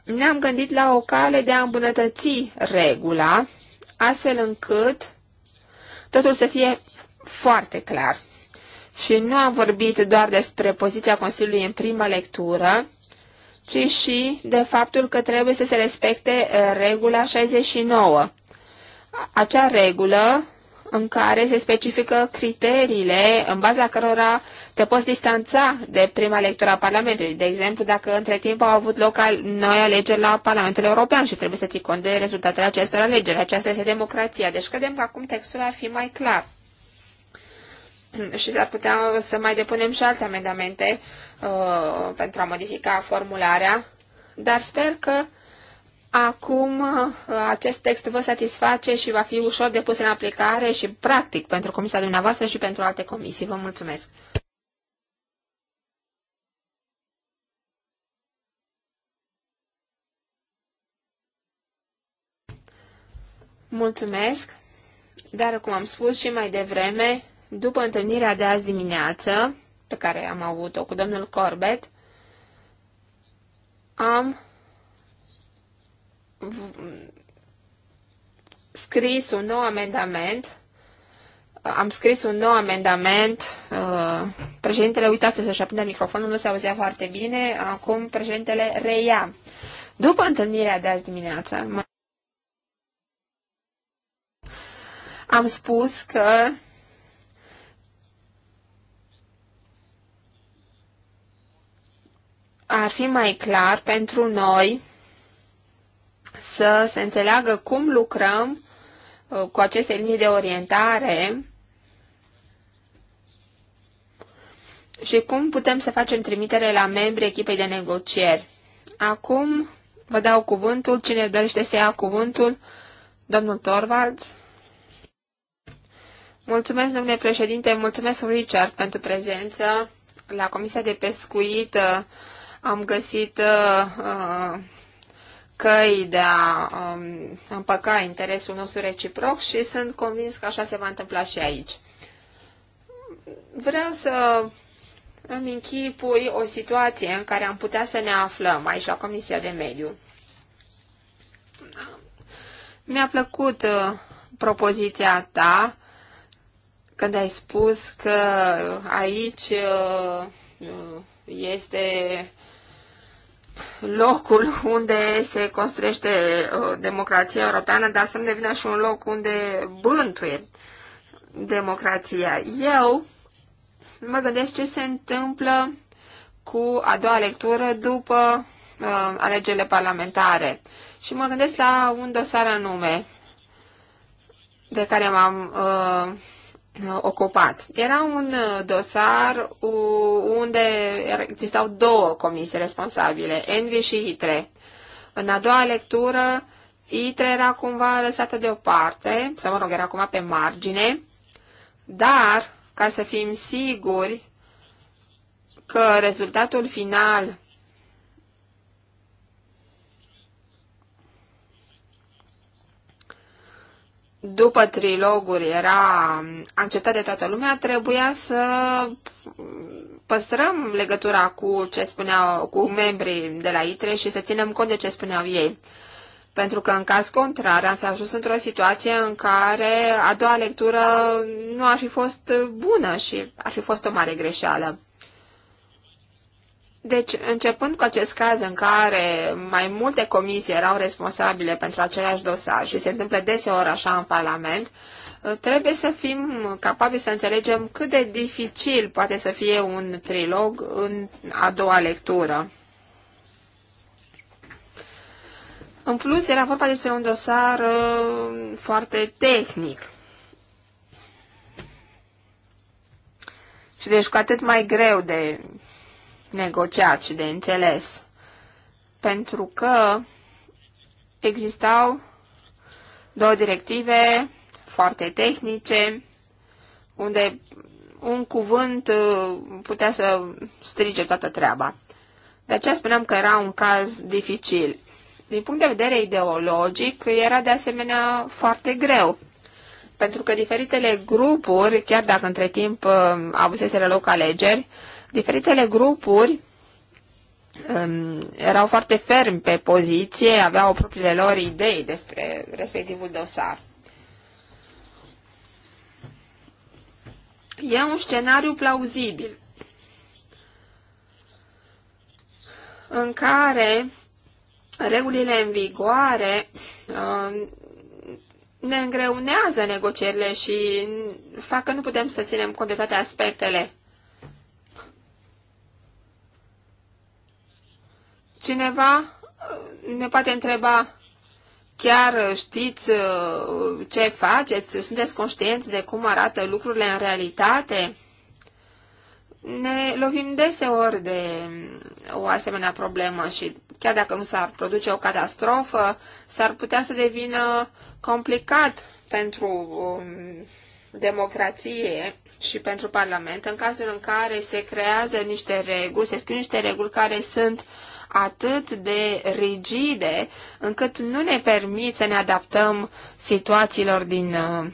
ne-am gândit la o cale de a îmbunătăți regula, astfel încât totul să fie foarte clar. Și nu am vorbit doar despre poziția Consiliului în prima lectură, ci și de faptul că trebuie să se respecte regula 69. Acea regulă în care se specifică criteriile în baza cărora te poți distanța de prima lectură a Parlamentului. De exemplu, dacă între timp au avut loc noi alegeri la Parlamentul European și trebuie să ții cont de rezultatele acestor alegeri. Aceasta este democrația. Deci credem că acum textul ar fi mai clar și s-ar putea să mai depunem și alte amendamente uh, pentru a modifica formularea, dar sper că acum uh, acest text vă satisface și va fi ușor de pus în aplicare și practic pentru comisia dumneavoastră și pentru alte comisii. Vă mulțumesc! Mulțumesc! Dar, cum am spus și mai devreme, după întâlnirea de azi dimineață, pe care am avut-o cu domnul Corbett, am scris un nou amendament am scris un nou amendament, uh, președintele uitase să-și aprindă microfonul, nu se auzea foarte bine, acum președintele reia. După întâlnirea de azi dimineață, am spus că ar fi mai clar pentru noi să se înțeleagă cum lucrăm uh, cu aceste linii de orientare și cum putem să facem trimitere la membrii echipei de negocieri. Acum vă dau cuvântul. Cine dorește să ia cuvântul? Domnul Torvalds. Mulțumesc, domnule președinte, mulțumesc, Richard, pentru prezență la Comisia de Pescuit uh, am găsit uh, uh, căi de a um, împăca interesul nostru reciproc și sunt convins că așa se va întâmpla și aici. Vreau să îmi închipui o situație în care am putea să ne aflăm aici la Comisia de Mediu. Mi-a plăcut uh, propoziția ta când ai spus că aici uh, este locul unde se construiește uh, democrația europeană, dar să-mi devină și un loc unde bântuie democrația. Eu mă gândesc ce se întâmplă cu a doua lectură după uh, alegerile parlamentare și mă gândesc la un dosar anume de care m-am uh, Uh, ocupat. Era un uh, dosar unde existau două comisii responsabile, Envi și ITRE. În a doua lectură, ITRE era cumva lăsată deoparte, sau mă rog, era cumva pe margine, dar, ca să fim siguri că rezultatul final după triloguri era acceptat de toată lumea, trebuia să păstrăm legătura cu ce spuneau, cu membrii de la ITRE și să ținem cont de ce spuneau ei. Pentru că, în caz contrar, am fi ajuns într-o situație în care a doua lectură nu ar fi fost bună și ar fi fost o mare greșeală. Deci, începând cu acest caz în care mai multe comisii erau responsabile pentru același dosar și se întâmplă deseori așa în Parlament, trebuie să fim capabili să înțelegem cât de dificil poate să fie un trilog în a doua lectură. În plus, era vorba despre un dosar uh, foarte tehnic. Și deci cu atât mai greu de negociat și de înțeles. Pentru că existau două directive foarte tehnice, unde un cuvânt uh, putea să strige toată treaba. De aceea spuneam că era un caz dificil. Din punct de vedere ideologic, era de asemenea foarte greu. Pentru că diferitele grupuri, chiar dacă între timp uh, avuseseră loc alegeri, Diferitele grupuri um, erau foarte fermi pe poziție, aveau propriile lor idei despre respectivul dosar. E un scenariu plauzibil în care regulile în vigoare um, ne îngreunează negocierile și fac că nu putem să ținem cont de toate aspectele Cineva uh, ne poate întreba, chiar știți uh, ce faceți? Sunteți conștienți de cum arată lucrurile în realitate? Ne lovim deseori de um, o asemenea problemă și chiar dacă nu s-ar produce o catastrofă, s-ar putea să devină complicat pentru um, democrație și pentru Parlament în cazul în care se creează niște reguli, se scriu niște reguli care sunt atât de rigide încât nu ne permit să ne adaptăm situațiilor din uh,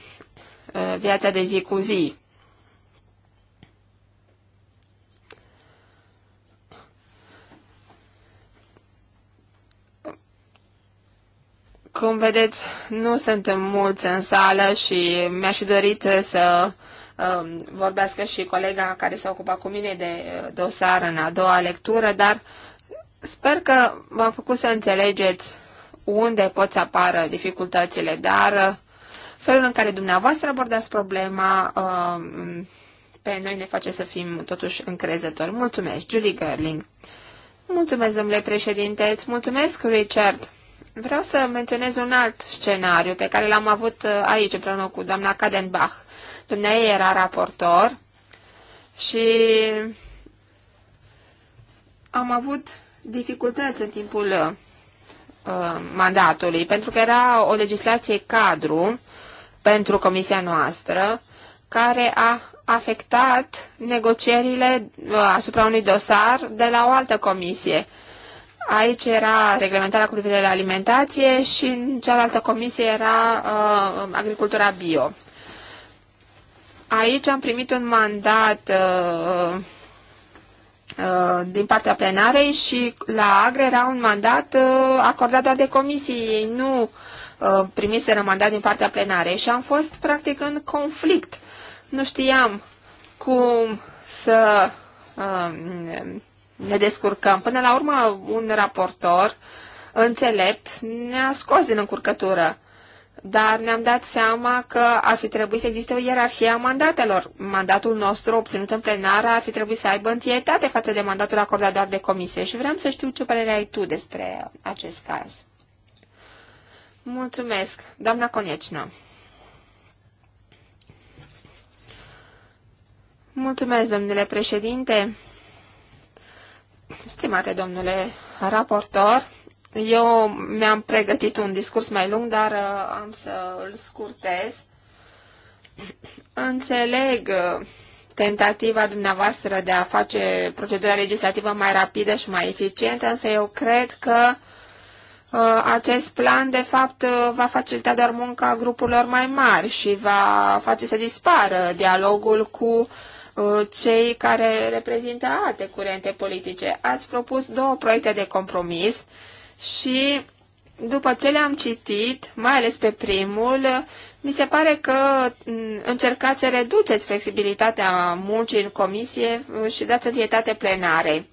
uh, viața de zi cu zi. Cum vedeți, nu sunt mulți în sală și mi-aș fi dorit să um, vorbească și colega care s-a ocupat cu mine de uh, dosar în a doua lectură, dar Sper că v-am făcut să înțelegeți unde pot să apară dificultățile, dar uh, felul în care dumneavoastră abordați problema uh, pe noi ne face să fim totuși încrezători. Mulțumesc, Julie Gerling. Mulțumesc, domnule președinte, îți mulțumesc, Richard. Vreau să menționez un alt scenariu pe care l-am avut uh, aici împreună cu doamna Kadenbach. Dumnezeu era raportor și am avut dificultăți în timpul uh, mandatului, pentru că era o legislație cadru pentru comisia noastră, care a afectat negocierile uh, asupra unui dosar de la o altă comisie. Aici era reglementarea cu privire la alimentație și în cealaltă comisie era uh, agricultura bio. Aici am primit un mandat uh, Uh, din partea plenarei și la Agre era un mandat uh, acordat doar de comisie, ei nu uh, primiseră mandat din partea plenarei și am fost practic în conflict. Nu știam cum să ne descurcăm. Până la urmă, un raportor înțelept ne-a scos din încurcătură dar ne-am dat seama că ar fi trebuit să existe o ierarhie a mandatelor. Mandatul nostru obținut în plenară ar fi trebuit să aibă întietate față de mandatul acordat doar de comisie și vreau să știu ce părere ai tu despre acest caz. Mulțumesc, doamna Conecina. Mulțumesc, domnule președinte. Stimate domnule raportor, eu mi-am pregătit un discurs mai lung, dar uh, am să îl scurtez. Înțeleg uh, tentativa dumneavoastră de a face procedura legislativă mai rapidă și mai eficientă, însă eu cred că uh, acest plan, de fapt, va facilita doar munca grupurilor mai mari și va face să dispară dialogul cu cei care reprezintă alte curente politice. Ați propus două proiecte de compromis și după ce le-am citit, mai ales pe primul, mi se pare că mm, încercați să reduceți flexibilitatea muncii în comisie mm, și dați întietate plenare.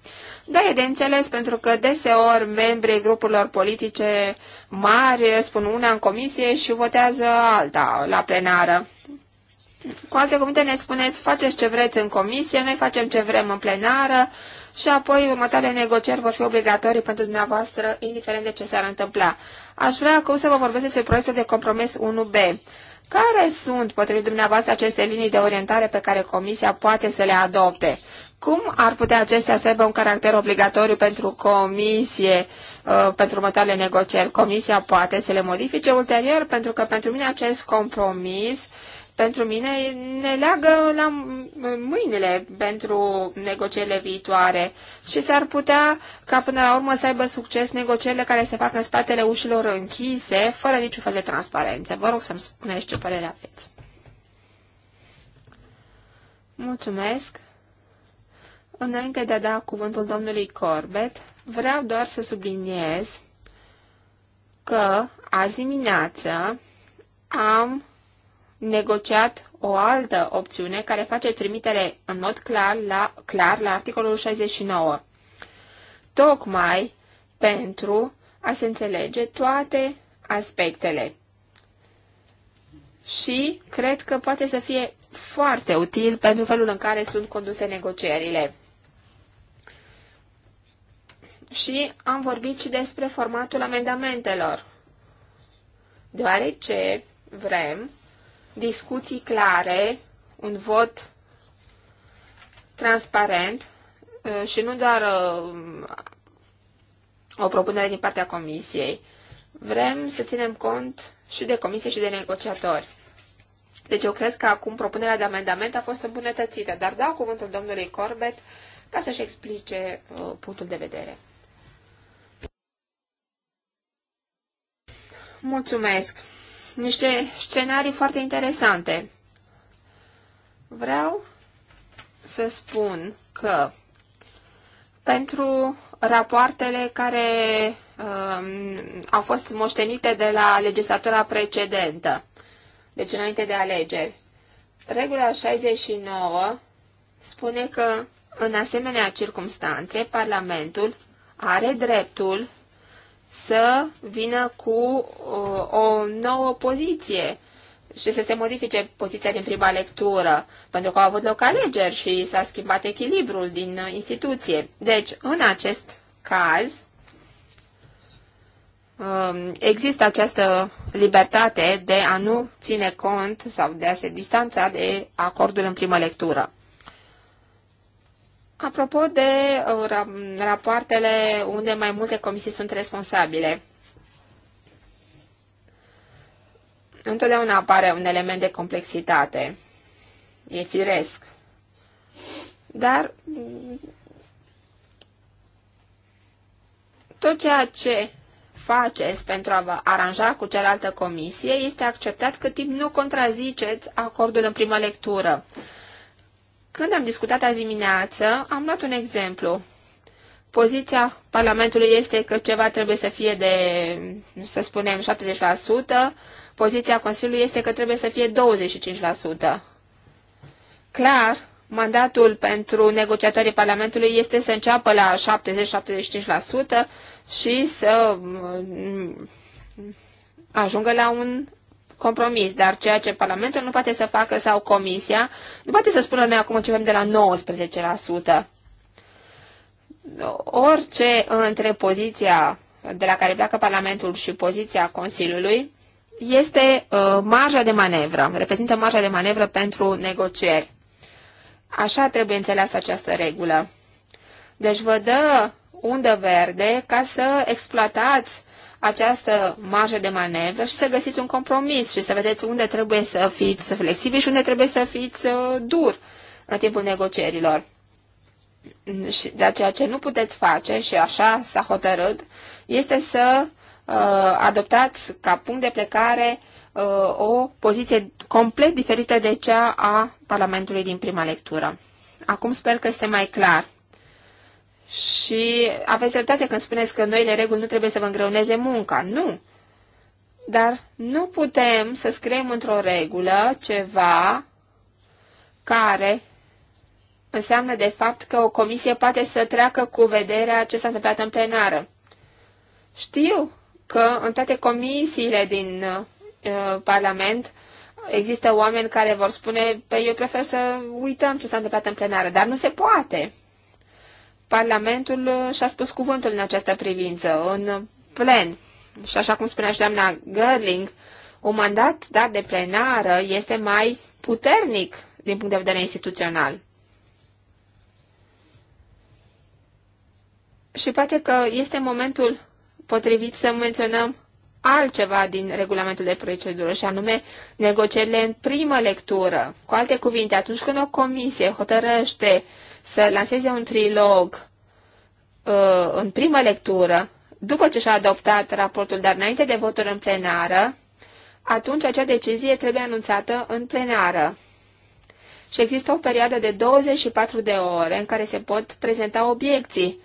Da, e de înțeles, pentru că deseori membrii grupurilor politice mari spun una în comisie și votează alta la plenară. Cu alte cuvinte ne spuneți, faceți ce vreți în comisie, noi facem ce vrem în plenară, și apoi următoarele negocieri vor fi obligatorii pentru dumneavoastră, indiferent de ce s-ar întâmpla. Aș vrea acum să vă vorbesc despre proiectul de compromis 1B. Care sunt, potrivit dumneavoastră, aceste linii de orientare pe care Comisia poate să le adopte? Cum ar putea acestea să aibă un caracter obligatoriu pentru Comisie uh, pentru următoarele negocieri? Comisia poate să le modifice ulterior, pentru că pentru mine acest compromis uh, pentru mine ne leagă la mâinile pentru negocierile viitoare și s-ar putea ca până la urmă să aibă succes negocierile care se fac în spatele ușilor închise, fără niciun fel de transparență. Vă rog să-mi spuneți ce părere aveți. Mulțumesc. Înainte de a da cuvântul domnului Corbett, vreau doar să subliniez că azi dimineață am negociat o altă opțiune care face trimitere în mod clar la, clar la articolul 69. Tocmai pentru a se înțelege toate aspectele. Și cred că poate să fie foarte util pentru felul în care sunt conduse negocierile. Și am vorbit și despre formatul amendamentelor, deoarece vrem discuții clare, un vot transparent uh, și nu doar uh, o propunere din partea Comisiei. Vrem să ținem cont și de Comisie și de negociatori. Deci eu cred că acum propunerea de amendament a fost îmbunătățită, dar dau cuvântul domnului Corbett ca să-și explice uh, punctul de vedere. Mulțumesc! niște scenarii foarte interesante. Vreau să spun că pentru rapoartele care um, au fost moștenite de la legislatura precedentă, deci înainte de alegeri, regula 69 spune că în asemenea circumstanțe, Parlamentul are dreptul să vină cu uh, o nouă poziție și să se modifice poziția din prima lectură, pentru că au avut loc alegeri și s-a schimbat echilibrul din uh, instituție. Deci, în acest caz, um, există această libertate de a nu ține cont sau de a se distanța de acordul în primă lectură. Apropo de uh, rapoartele unde mai multe comisii sunt responsabile, întotdeauna apare un element de complexitate. E firesc. Dar mm, tot ceea ce faceți pentru a vă aranja cu cealaltă comisie este acceptat cât timp nu contraziceți acordul în prima lectură. Când am discutat azi dimineață, am luat un exemplu. Poziția Parlamentului este că ceva trebuie să fie de, să spunem, 70%, poziția Consiliului este că trebuie să fie 25%. Clar, mandatul pentru negociatorii Parlamentului este să înceapă la 70-75% și să mm, ajungă la un compromis, dar ceea ce Parlamentul nu poate să facă sau Comisia, nu poate să spună noi acum începem de la 19%. Orice între poziția de la care pleacă Parlamentul și poziția Consiliului este uh, marja de manevră, reprezintă marja de manevră pentru negocieri. Așa trebuie înțeleasă această regulă. Deci vă dă undă verde ca să exploatați această marjă de manevră și să găsiți un compromis și să vedeți unde trebuie să fiți flexibili și unde trebuie să fiți uh, dur în timpul negocierilor. Dar ceea ce nu puteți face, și așa s-a hotărât, este să uh, adoptați ca punct de plecare uh, o poziție complet diferită de cea a Parlamentului din prima lectură. Acum sper că este mai clar. Și aveți dreptate când spuneți că noile reguli nu trebuie să vă îngreuneze munca. Nu! Dar nu putem să scriem într-o regulă ceva care înseamnă de fapt că o comisie poate să treacă cu vederea ce s-a întâmplat în plenară. Știu că în toate comisiile din uh, Parlament există oameni care vor spune, pe păi, eu prefer să uităm ce s-a întâmplat în plenară, dar nu se poate. Parlamentul uh, și-a spus cuvântul în această privință, în plen. Și așa cum spunea și doamna Gerling, un mandat dat de plenară este mai puternic din punct de vedere instituțional. Și poate că este momentul potrivit să menționăm altceva din regulamentul de procedură, și anume negocierile în primă lectură. Cu alte cuvinte, atunci când o comisie hotărăște uh, să lanseze un trilog uh, în primă lectură, după ce și-a adoptat raportul, dar înainte de votul în plenară, atunci acea decizie trebuie anunțată în plenară. Și există o perioadă de 24 de ore în care se pot prezenta obiecții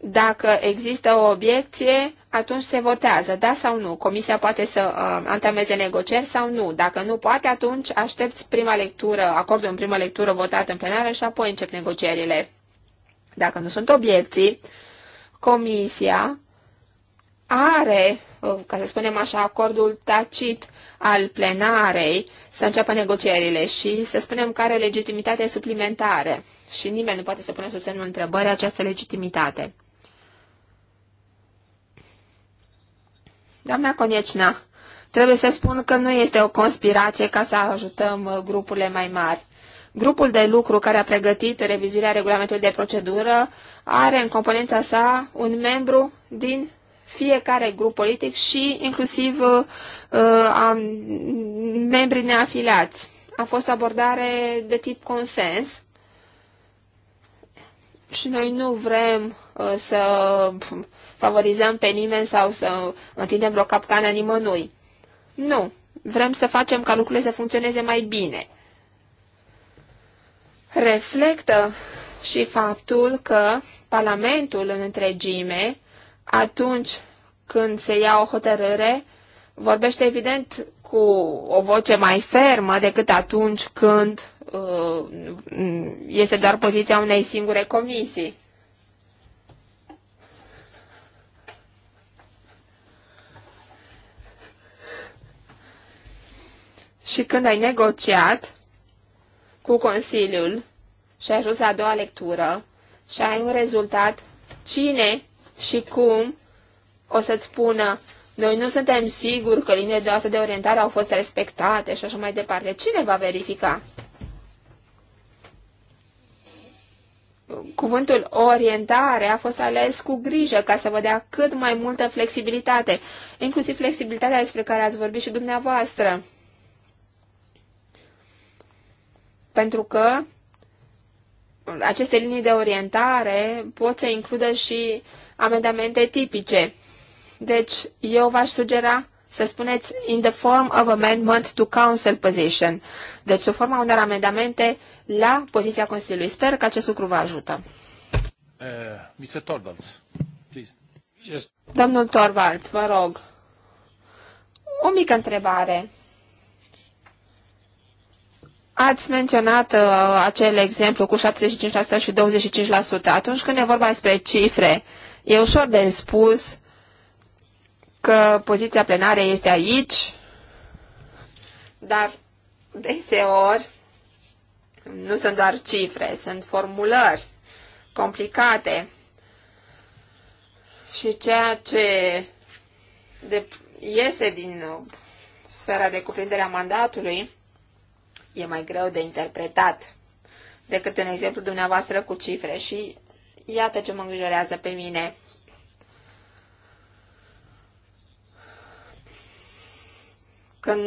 dacă există o obiecție, atunci se votează, da sau nu. Comisia poate să uh, antameze negocieri sau nu. Dacă nu poate, atunci aștepți prima lectură, acordul în prima lectură votat în plenară și apoi încep negocierile. Dacă nu sunt obiecții, Comisia are, uh, ca să spunem așa, acordul tacit al plenarei să înceapă negocierile și să spunem că are legitimitate suplimentare și nimeni nu poate să pună sub semnul întrebării această legitimitate. Doamna Conecina, trebuie să spun că nu este o conspirație ca să ajutăm uh, grupurile mai mari. Grupul de lucru care a pregătit revizuirea regulamentului de procedură are în componența sa un membru din fiecare grup politic și inclusiv uh, uh a membrii neafiliați. A fost o abordare de tip consens și noi nu vrem uh, să favorizăm pe nimeni sau să întindem vreo capcană nimănui. Nu, vrem să facem ca lucrurile să funcționeze mai bine. Reflectă și faptul că Parlamentul în întregime, atunci când se ia o hotărâre, vorbește evident cu o voce mai fermă decât atunci când uh, este doar poziția unei singure comisii. și când ai negociat cu Consiliul și ai ajuns la a doua lectură și ai un rezultat, cine și cum o să-ți spună noi nu suntem siguri că liniile noastre de orientare au fost respectate și așa mai departe. Cine va verifica? Cuvântul orientare a fost ales cu grijă ca să vă dea cât mai multă flexibilitate, inclusiv flexibilitatea despre care ați vorbit și dumneavoastră. pentru că aceste linii de orientare pot să includă și amendamente tipice. Deci, eu v-aș sugera să spuneți in the form of amendment to council position. Deci, sub forma unor amendamente la poziția Consiliului. Sper că acest lucru vă ajută. Uh, Mr. Torvalds, please. Yes. Domnul Torvalds, vă rog. O mică întrebare. Ați menționat uh, acel exemplu cu 75% și 25%. Atunci când e vorba despre cifre, e ușor de spus că poziția plenară este aici, dar deseori nu sunt doar cifre, sunt formulări complicate și ceea ce de, iese din sfera de cuprindere a mandatului e mai greu de interpretat decât în exemplu dumneavoastră cu cifre și iată ce mă îngrijorează pe mine. Când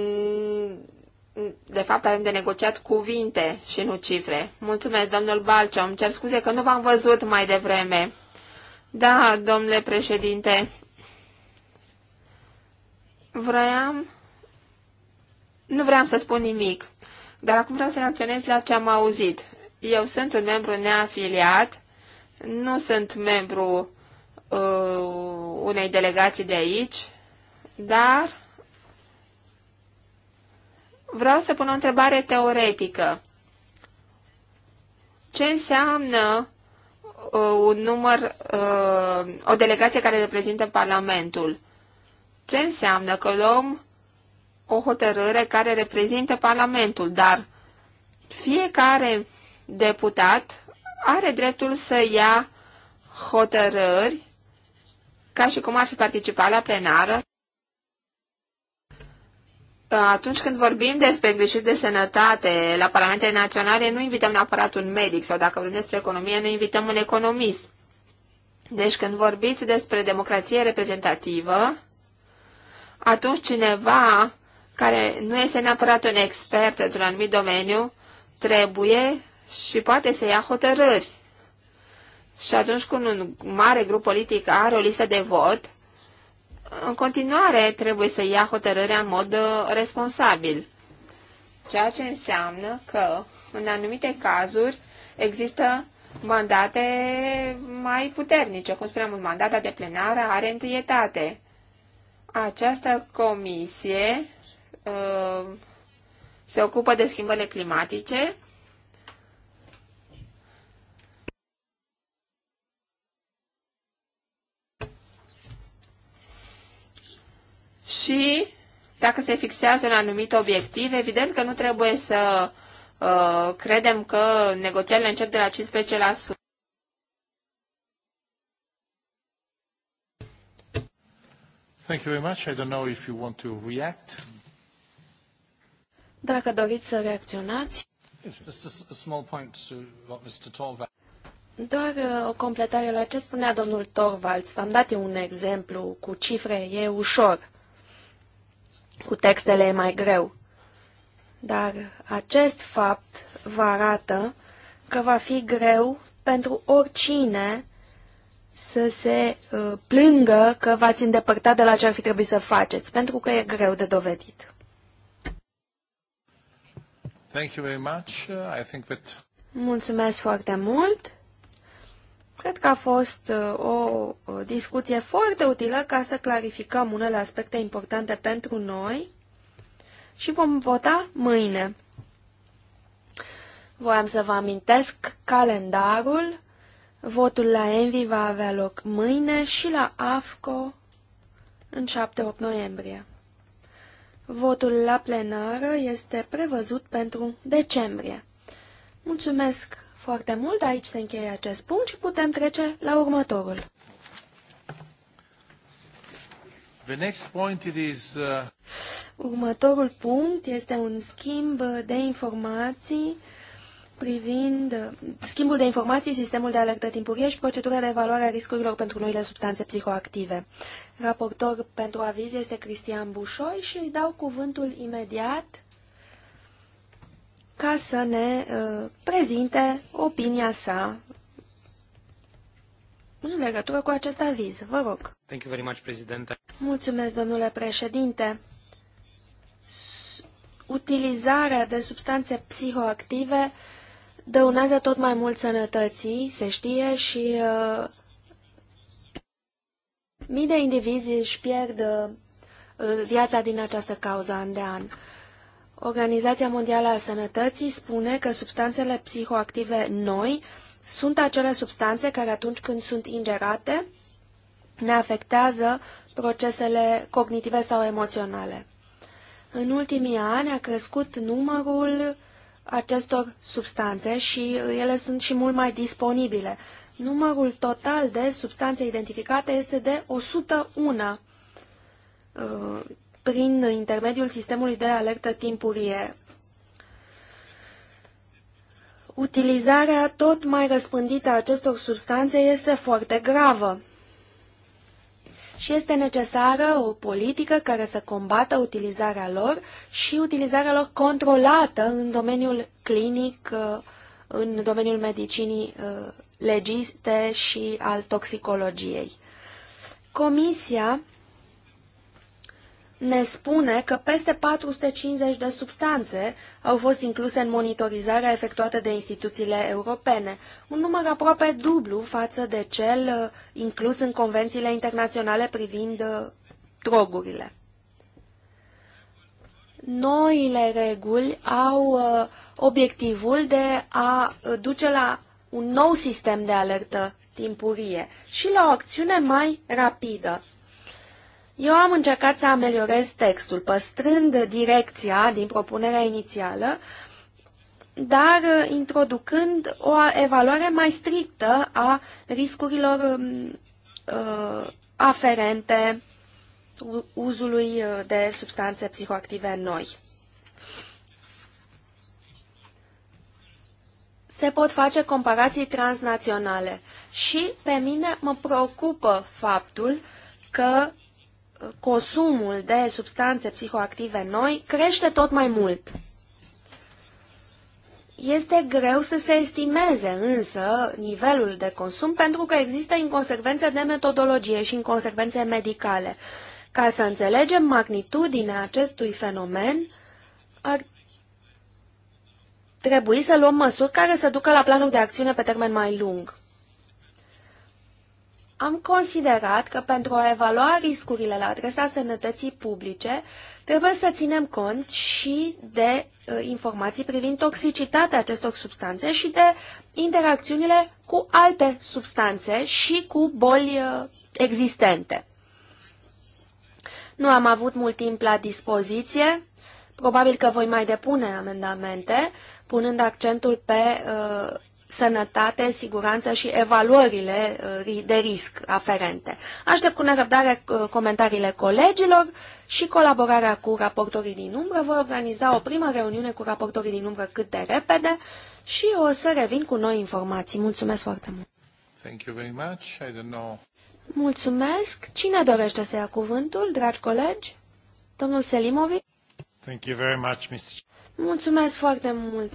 de fapt avem de negociat cuvinte și nu cifre. Mulțumesc, domnul Balcio, îmi cer scuze că nu v-am văzut mai devreme. Da, domnule președinte, vreau... Nu vreau să spun nimic. Dar acum vreau să reacționez la ce am auzit. Eu sunt un membru neafiliat, nu sunt membru uh, unei delegații de aici, dar vreau să pun o întrebare teoretică. Ce înseamnă uh, un număr, uh, o delegație care reprezintă Parlamentul? Ce înseamnă că luăm o hotărâre care reprezintă Parlamentul, dar fiecare deputat are dreptul să ia hotărâri ca și cum ar fi participat la plenară. Atunci când vorbim despre îngrijiri de sănătate la parlamentele naționale, nu invităm neapărat un medic sau dacă vorbim despre economie, nu invităm un economist. Deci când vorbiți despre democrație reprezentativă, atunci cineva care nu este neapărat un expert într-un anumit domeniu, trebuie și poate să ia hotărâri. Și atunci când un mare grup politic are o listă de vot, în continuare trebuie să ia hotărârea în mod uh, responsabil. Ceea ce înseamnă că, în anumite cazuri, există mandate mai puternice. Cum spuneam, un mandat de plenară are întâietate. Această comisie Uh, se ocupă de schimbările climatice. Și dacă se fixează un anumit obiectiv, evident că nu trebuie să uh, credem că negocierile încep de la 15%. Thank you very much. I don't know if you want to react. Dacă doriți să reacționați. Doar uh, o completare la ce spunea domnul Torvalds. V-am dat eu un exemplu cu cifre, e ușor. Cu textele e mai greu. Dar acest fapt vă arată că va fi greu pentru oricine să se uh, plângă că v-ați îndepărtat de la ce ar fi trebuit să faceți, pentru că e greu de dovedit. Thank you very much. I think that... Mulțumesc foarte mult. Cred că a fost uh, o discuție foarte utilă ca să clarificăm unele aspecte importante pentru noi și vom vota mâine. Voiam să vă amintesc calendarul. Votul la Envi va avea loc mâine și la AFCO în 7-8 noiembrie. Votul la plenară este prevăzut pentru decembrie. Mulțumesc foarte mult, aici se încheie acest punct și putem trece la următorul. The next point it is, uh... Următorul punct este un schimb de informații privind uh, schimbul de informații, sistemul de alertă timpurie și procedura de evaluare a riscurilor pentru noile substanțe psihoactive. Raportor pentru aviz este Cristian Bușoi și îi dau cuvântul imediat ca să ne uh, prezinte opinia sa în legătură cu acest aviz. Vă rog. Thank you very much, președinte. Mulțumesc, domnule președinte. Utilizarea de substanțe psihoactive uh, dăunează tot mai mult sănătății, se știe, și uh, mii de indivizi își pierd uh, viața din această cauză an de an. Organizația Mondială a Sănătății spune că substanțele psihoactive noi sunt acele substanțe care atunci când sunt ingerate ne afectează procesele cognitive sau emoționale. În ultimii ani a crescut numărul uh, acestor substanțe și ele sunt și mult mai disponibile. Numărul total de substanțe identificate este de 101 uh, prin intermediul sistemului de alertă timpurie. Utilizarea tot mai răspândită a acestor substanțe este foarte gravă și este necesară o politică care să combată utilizarea lor și utilizarea lor controlată în domeniul clinic, uh, în domeniul medicinii uh, legiste și al toxicologiei. Comisia ne spune că peste 450 de substanțe au fost incluse în monitorizarea efectuată de instituțiile europene, un număr aproape dublu față de cel uh, inclus în convențiile internaționale privind uh, drogurile. Noile reguli au uh, obiectivul de a duce la un nou sistem de alertă timpurie și la o acțiune mai rapidă eu am încercat să ameliorez textul, păstrând direcția din propunerea inițială, dar uh, introducând o evaluare mai strictă a riscurilor um, uh, aferente uzului uh, de substanțe psihoactive noi. Se pot face comparații transnaționale și pe mine mă preocupă faptul că consumul de substanțe psihoactive noi crește tot mai mult. Este greu să se estimeze însă nivelul de consum pentru că există inconsecvențe de metodologie și inconsecvențe medicale. Ca să înțelegem magnitudinea acestui fenomen, ar trebui să luăm măsuri care să ducă la planul de acțiune pe termen mai lung am considerat că pentru a evalua riscurile la adresa sănătății publice, trebuie să ținem cont și de uh, informații privind toxicitatea acestor substanțe și de interacțiunile cu alte substanțe și cu boli uh, existente. Nu am avut mult timp la dispoziție, probabil că voi mai depune amendamente, punând accentul pe uh, sănătate, siguranță și evaluările uh, de risc aferente. Aștept cu nerăbdare uh, comentariile colegilor și colaborarea cu raportorii din umbră. Voi organiza o primă reuniune cu raportorii din umbră cât de repede și o să revin cu noi informații. Mulțumesc foarte mult! Thank you very much. I don't know. Mulțumesc! Cine dorește să ia cuvântul, dragi colegi? Domnul Selimovic? Thank you very much, Mr. Mulțumesc foarte mult!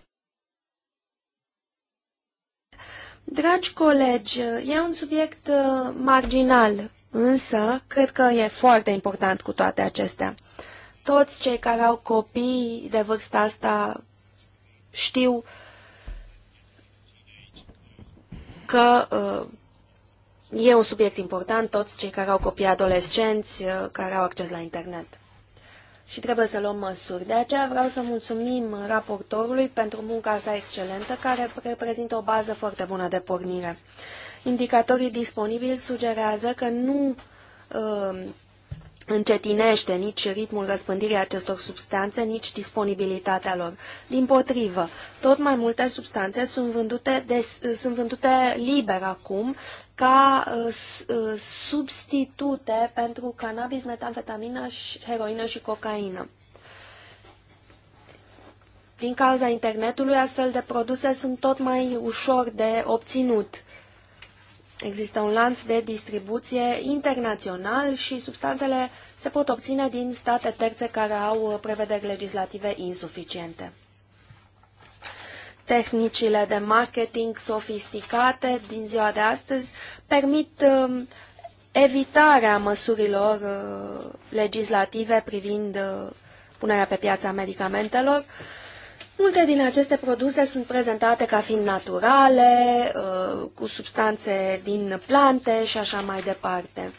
Dragi colegi, e un subiect uh, marginal, însă cred că e foarte important cu toate acestea. Toți cei care au copii de vârsta asta știu că uh, e un subiect important, toți cei care au copii adolescenți, uh, care au acces la internet și trebuie să luăm măsuri. De aceea vreau să mulțumim raportorului pentru munca sa excelentă, care reprezintă o bază foarte bună de pornire. Indicatorii disponibili sugerează că nu uh, încetinește nici ritmul răspândirii acestor substanțe, nici disponibilitatea lor. Din potrivă, tot mai multe substanțe sunt vândute, de, sunt vândute liber acum ca uh, uh, substitute pentru cannabis, metamfetamină, heroină și cocaină. Din cauza internetului, astfel de produse sunt tot mai ușor de obținut. Există un lanț de distribuție internațional și substanțele se pot obține din state terțe care au uh, prevederi legislative insuficiente. Tehnicile de marketing sofisticate din ziua de astăzi permit um, evitarea măsurilor uh, legislative privind uh, punerea pe piața medicamentelor. Multe din aceste produse sunt prezentate ca fiind naturale, uh, cu substanțe din plante și așa mai departe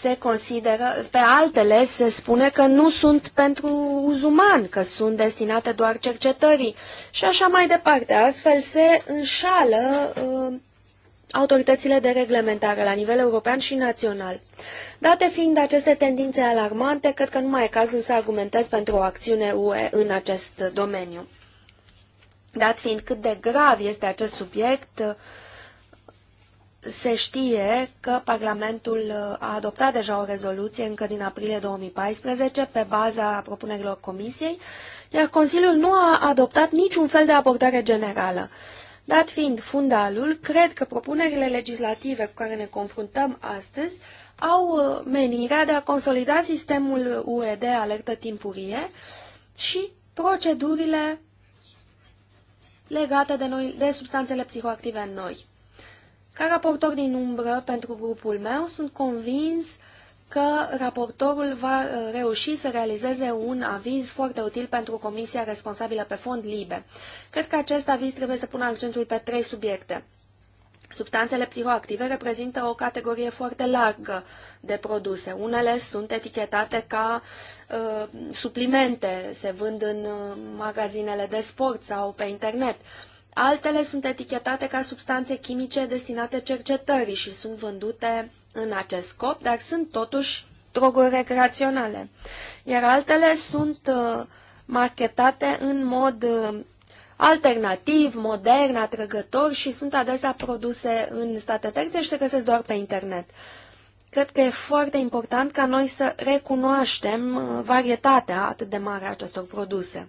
se consideră, pe altele se spune că nu sunt pentru uz uman, că sunt destinate doar cercetării și așa mai departe. Astfel se înșală uh, autoritățile de reglementare la nivel european și național. Date fiind aceste tendințe alarmante, cred că nu mai e cazul să argumentez pentru o acțiune UE în acest domeniu. Dat fiind cât de grav este acest subiect, uh, se știe că Parlamentul a adoptat deja o rezoluție încă din aprilie 2014 pe baza propunerilor Comisiei, iar Consiliul nu a adoptat niciun fel de abordare generală. Dat fiind fundalul, cred că propunerile legislative cu care ne confruntăm astăzi au uh, menirea de a consolida sistemul UE de alertă timpurie și procedurile legate de, noi, de substanțele psihoactive în noi. Ca raportor din umbră pentru grupul meu, sunt convins că raportorul va uh, reuși să realizeze un aviz foarte util pentru comisia responsabilă pe fond liber. Cred că acest aviz trebuie să pună accentul pe trei subiecte. Substanțele psihoactive reprezintă o categorie foarte largă de produse. Unele sunt etichetate ca uh, suplimente, se vând în uh, magazinele de sport sau pe internet. Uh, Altele sunt etichetate ca substanțe chimice destinate cercetării și sunt vândute în acest scop, dar sunt totuși droguri recreaționale. Iar altele sunt uh, marketate în mod uh, alternativ, modern, atrăgător și sunt adesea produse în state terțe și se găsesc doar pe internet. Cred că e foarte important ca noi să recunoaștem uh, varietatea atât de mare a acestor produse.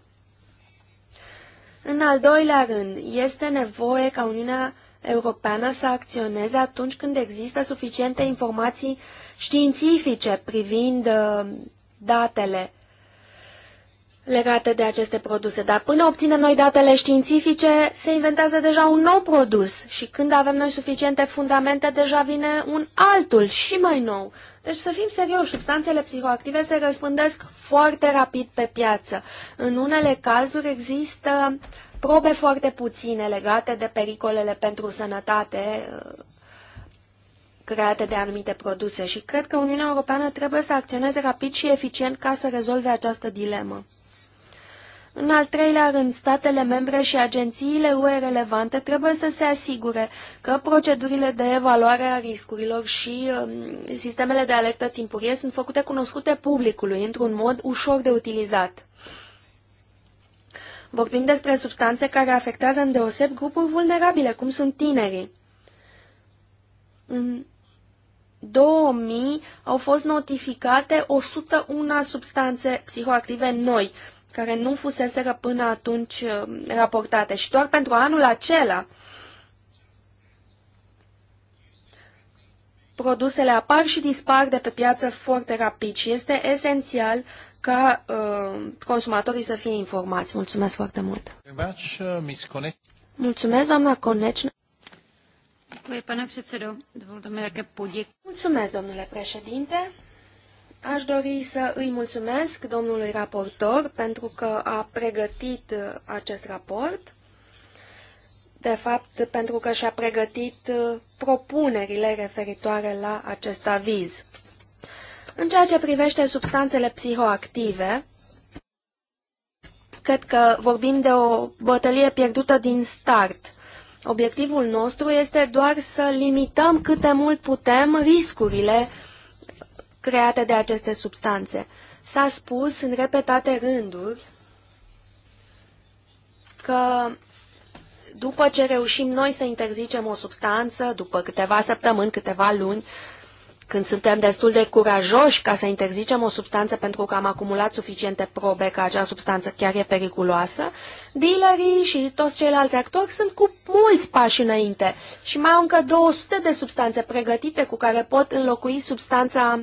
În al doilea rând, este nevoie ca Uniunea Europeană să acționeze atunci când există suficiente informații științifice privind uh, datele legate de aceste produse. Dar până obținem noi datele științifice, se inventează deja un nou produs și când avem noi suficiente fundamente, deja vine un altul și mai nou. Deci să fim serioși, substanțele psihoactive se răspândesc foarte rapid pe piață. În unele cazuri există probe foarte puține legate de pericolele pentru sănătate uh, create de anumite produse și cred că Uniunea Europeană trebuie să acționeze rapid și eficient ca să rezolve această dilemă. În al treilea rând, statele membre și agențiile UE relevante trebuie să se asigure că procedurile de evaluare a riscurilor și um, sistemele de alertă timpurie sunt făcute cunoscute publicului într-un mod ușor de utilizat. Vorbim despre substanțe care afectează îndeoseb grupuri vulnerabile, cum sunt tinerii. În 2000 au fost notificate 101 substanțe psihoactive noi, care nu fuseseră până atunci uh, raportate și doar pentru anul acela produsele apar și dispar de pe piață foarte rapid și este esențial ca uh, consumatorii să fie informați. Mulțumesc foarte mult! Mulțumesc, doamna Conecna! Mulțumesc, domnule președinte! Aș dori să îi mulțumesc domnului raportor pentru că a pregătit uh, acest raport, de fapt pentru că și-a pregătit uh, propunerile referitoare la acest aviz. În ceea ce privește substanțele psihoactive, cred că vorbim de o bătălie pierdută din start. Obiectivul nostru este doar să limităm cât de mult putem riscurile create de aceste substanțe. S-a spus în repetate rânduri că după ce reușim noi să interzicem o substanță, după câteva săptămâni, câteva luni, când suntem destul de curajoși ca să interzicem o substanță pentru că am acumulat suficiente probe că acea substanță chiar e periculoasă, dealerii și toți ceilalți actori sunt cu mulți pași înainte și mai au încă 200 de substanțe pregătite cu care pot înlocui substanța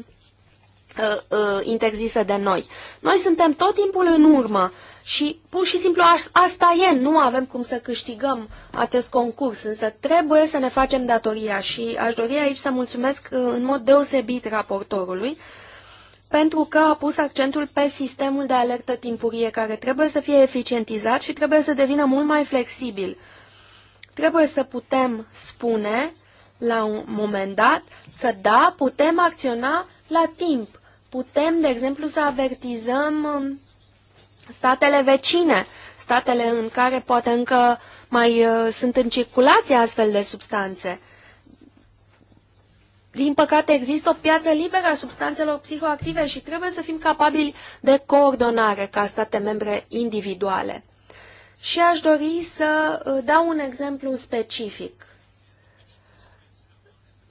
Uh, uh, interzisă de noi. Noi suntem tot timpul în urmă și pur și simplu asta e, nu avem cum să câștigăm acest concurs, însă trebuie să ne facem datoria și aș dori aici să mulțumesc uh, în mod deosebit raportorului pentru că a pus accentul pe sistemul de alertă timpurie care trebuie să fie eficientizat și trebuie să devină mult mai flexibil. Trebuie să putem spune la un moment dat că da, putem acționa la timp Putem, de exemplu, să avertizăm um, statele vecine, statele în care poate încă mai uh, sunt în circulație astfel de substanțe. Din păcate, există o piață liberă a substanțelor psihoactive și trebuie să fim capabili de coordonare ca state membre individuale. Și aș dori să uh, dau un exemplu specific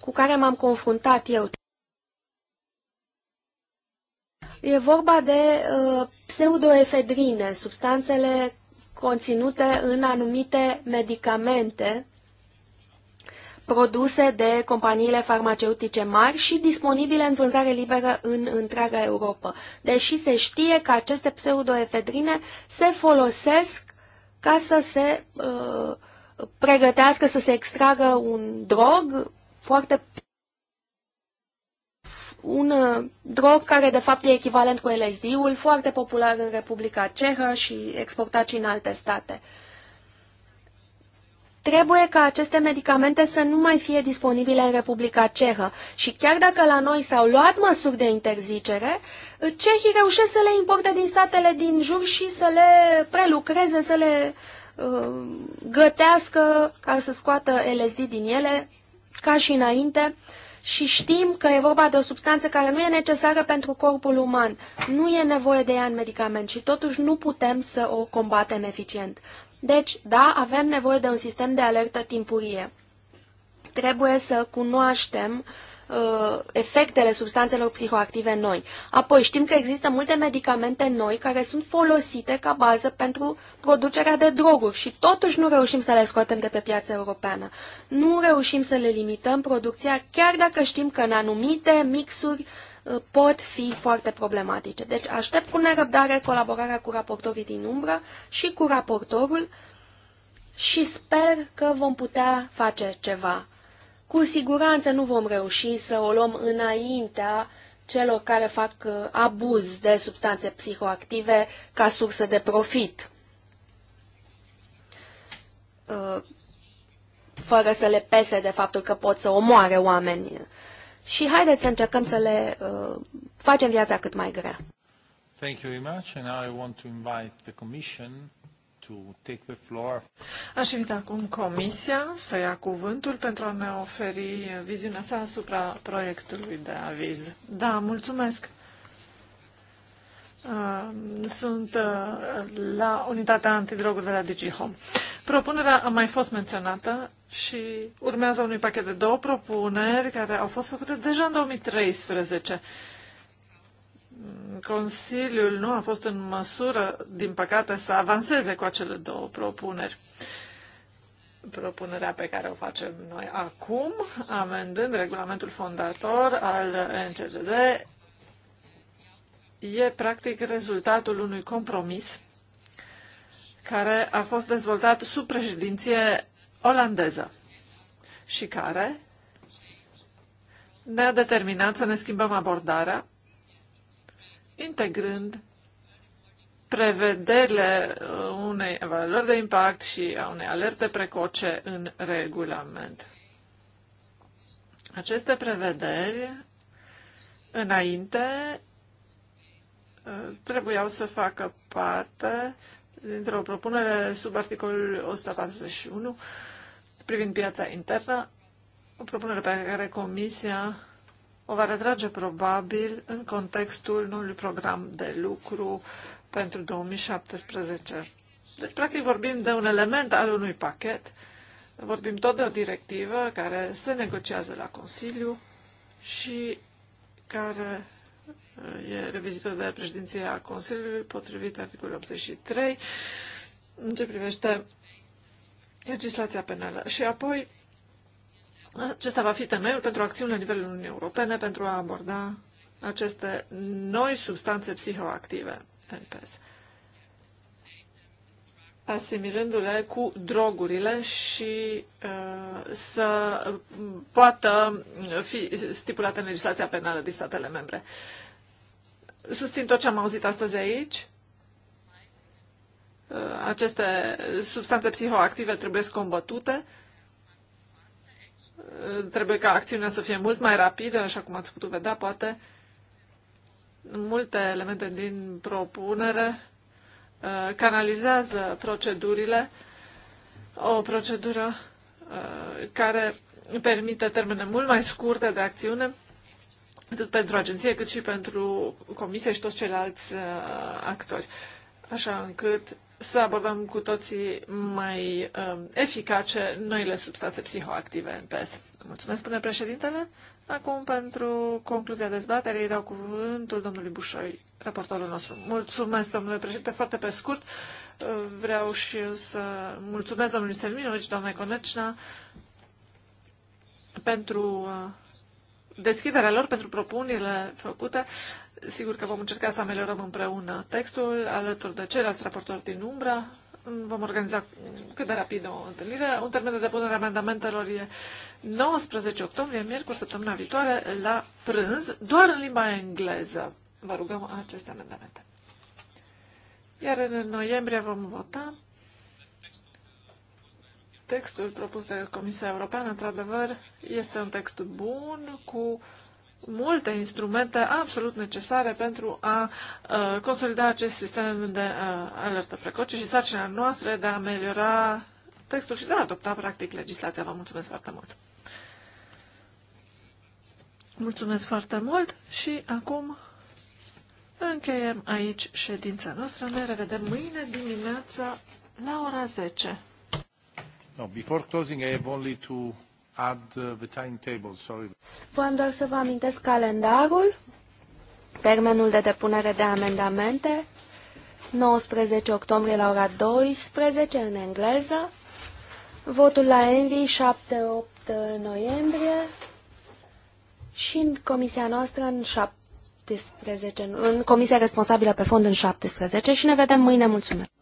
cu care m-am confruntat eu. E vorba de uh, pseudoefedrine, substanțele conținute în anumite medicamente produse de companiile farmaceutice mari și disponibile în vânzare liberă în întreaga Europa. Deși se știe că aceste pseudoefedrine se folosesc ca să se uh, pregătească, să se extragă un drog foarte un uh, drog care de fapt e echivalent cu LSD-ul, foarte popular în Republica Cehă și exportat și în alte state. Trebuie ca aceste medicamente să nu mai fie disponibile în Republica Cehă și chiar dacă la noi s-au luat măsuri de interzicere, uh, cehii reușesc să le importe din statele din jur și să le prelucreze, să le uh, gătească ca să scoată LSD din ele, ca și înainte. Uh, și știm că e vorba de o substanță care nu e necesară pentru corpul uman. Nu e nevoie de ea în medicament și totuși nu putem să o combatem eficient. Deci, da, avem nevoie de un sistem de alertă timpurie. Trebuie să cunoaștem uh, uh, efectele substanțelor psihoactive noi. Apoi știm că există multe medicamente noi care sunt folosite ca bază pentru producerea de droguri și totuși nu reușim să le scoatem de pe piața europeană. Nu reușim să le limităm producția chiar dacă știm că în anumite mixuri uh, pot fi foarte problematice. Deci aștept cu nerăbdare colaborarea cu raportorii din umbră și cu raportorul și sper că vom putea face ceva cu siguranță nu vom reuși să o luăm înaintea celor care fac uh, abuz de substanțe psihoactive ca sursă de profit, uh, fără să le pese de faptul că pot să omoare oameni. Și haideți să încercăm să le uh, facem viața cât mai grea. Thank you very much, and I want to invite the Commission to take the floor. Aș invita acum Comisia să ia cuvântul pentru a ne oferi viziunea sa asupra proiectului de aviz. Da, mulțumesc. Uh, sunt uh, la unitatea antidroguri de la DigiHome. Propunerea a mai fost menționată și urmează unui pachet de două propuneri care au fost făcute deja în 2013 Consiliul nu a fost în măsură, din păcate, să avanseze cu acele două propuneri. Propunerea pe care o facem noi acum, amendând regulamentul fondator al NCDD, e practic rezultatul unui compromis care a fost dezvoltat sub președinție olandeză și care ne-a determinat să ne schimbăm abordarea integrând prevederile uh, unei evaluări de impact și a unei alerte precoce în regulament. Aceste prevederi, înainte, uh, trebuiau să facă parte dintr-o propunere sub articolul 141 privind piața internă, o propunere pe care Comisia o va retrage probabil în contextul noului program de lucru pentru 2017. Deci, practic, vorbim de un element al unui pachet, vorbim tot de o directivă care se negociază la Consiliu și care uh, e revizită de președinția Consiliului potrivit articolului 83 în ce privește legislația penală. Și apoi acesta va fi temeiul pentru acțiuni la nivelul Uniunii Europene pentru a aborda aceste noi substanțe psihoactive, NPS, asimilându-le cu drogurile și uh, să poată fi stipulată în legislația penală din statele membre. Susțin tot ce am auzit astăzi aici. Uh, aceste substanțe psihoactive trebuie combătute. Trebuie ca acțiunea să fie mult mai rapidă, așa cum ați putut vedea, poate multe elemente din propunere uh, canalizează procedurile, o procedură uh, care permite termene mult mai scurte de acțiune, atât pentru agenție cât și pentru comisie și toți ceilalți uh, actori, așa încât să abordăm cu toții mai um, eficace noile substanțe psihoactive în PES. Mulțumesc, spune președintele. Acum, pentru concluzia dezbaterii, dau cuvântul domnului Bușoi, raportorul nostru. Mulțumesc, domnule președinte, foarte pe scurt. Uh, vreau și eu să mulțumesc domnului Selminovici, doamnei Conecina, pentru uh, deschiderea lor pentru propunerile făcute. Sigur că vom încerca să ameliorăm împreună textul alături de ceilalți raportori din umbra. Vom organiza cât de rapid o întâlnire. Un termen de depunere amendamentelor e 19 octombrie, miercuri, săptămâna viitoare, la prânz, doar în limba engleză. Vă rugăm aceste amendamente. Iar în noiembrie vom vota Textul propus de Comisia Europeană, într-adevăr, este un text bun, cu multe instrumente absolut necesare pentru a uh, consolida acest sistem de uh, alertă precoce și sarcina noastră de a ameliora textul și de a adopta, practic, legislația. Vă mulțumesc foarte mult! Mulțumesc foarte mult și acum încheiem aici ședința noastră. Ne revedem mâine dimineața la ora 10. No, before closing, I have only to add uh, the timetable, sorry. Vreau doar să vă amintesc calendarul, termenul de depunere de amendamente, 19 octombrie la ora 12 în engleză, votul la Envi 7-8 uh, noiembrie și în comisia noastră în 7 17, în comisia responsabilă pe fond în 17 și ne vedem mâine. Mulțumesc!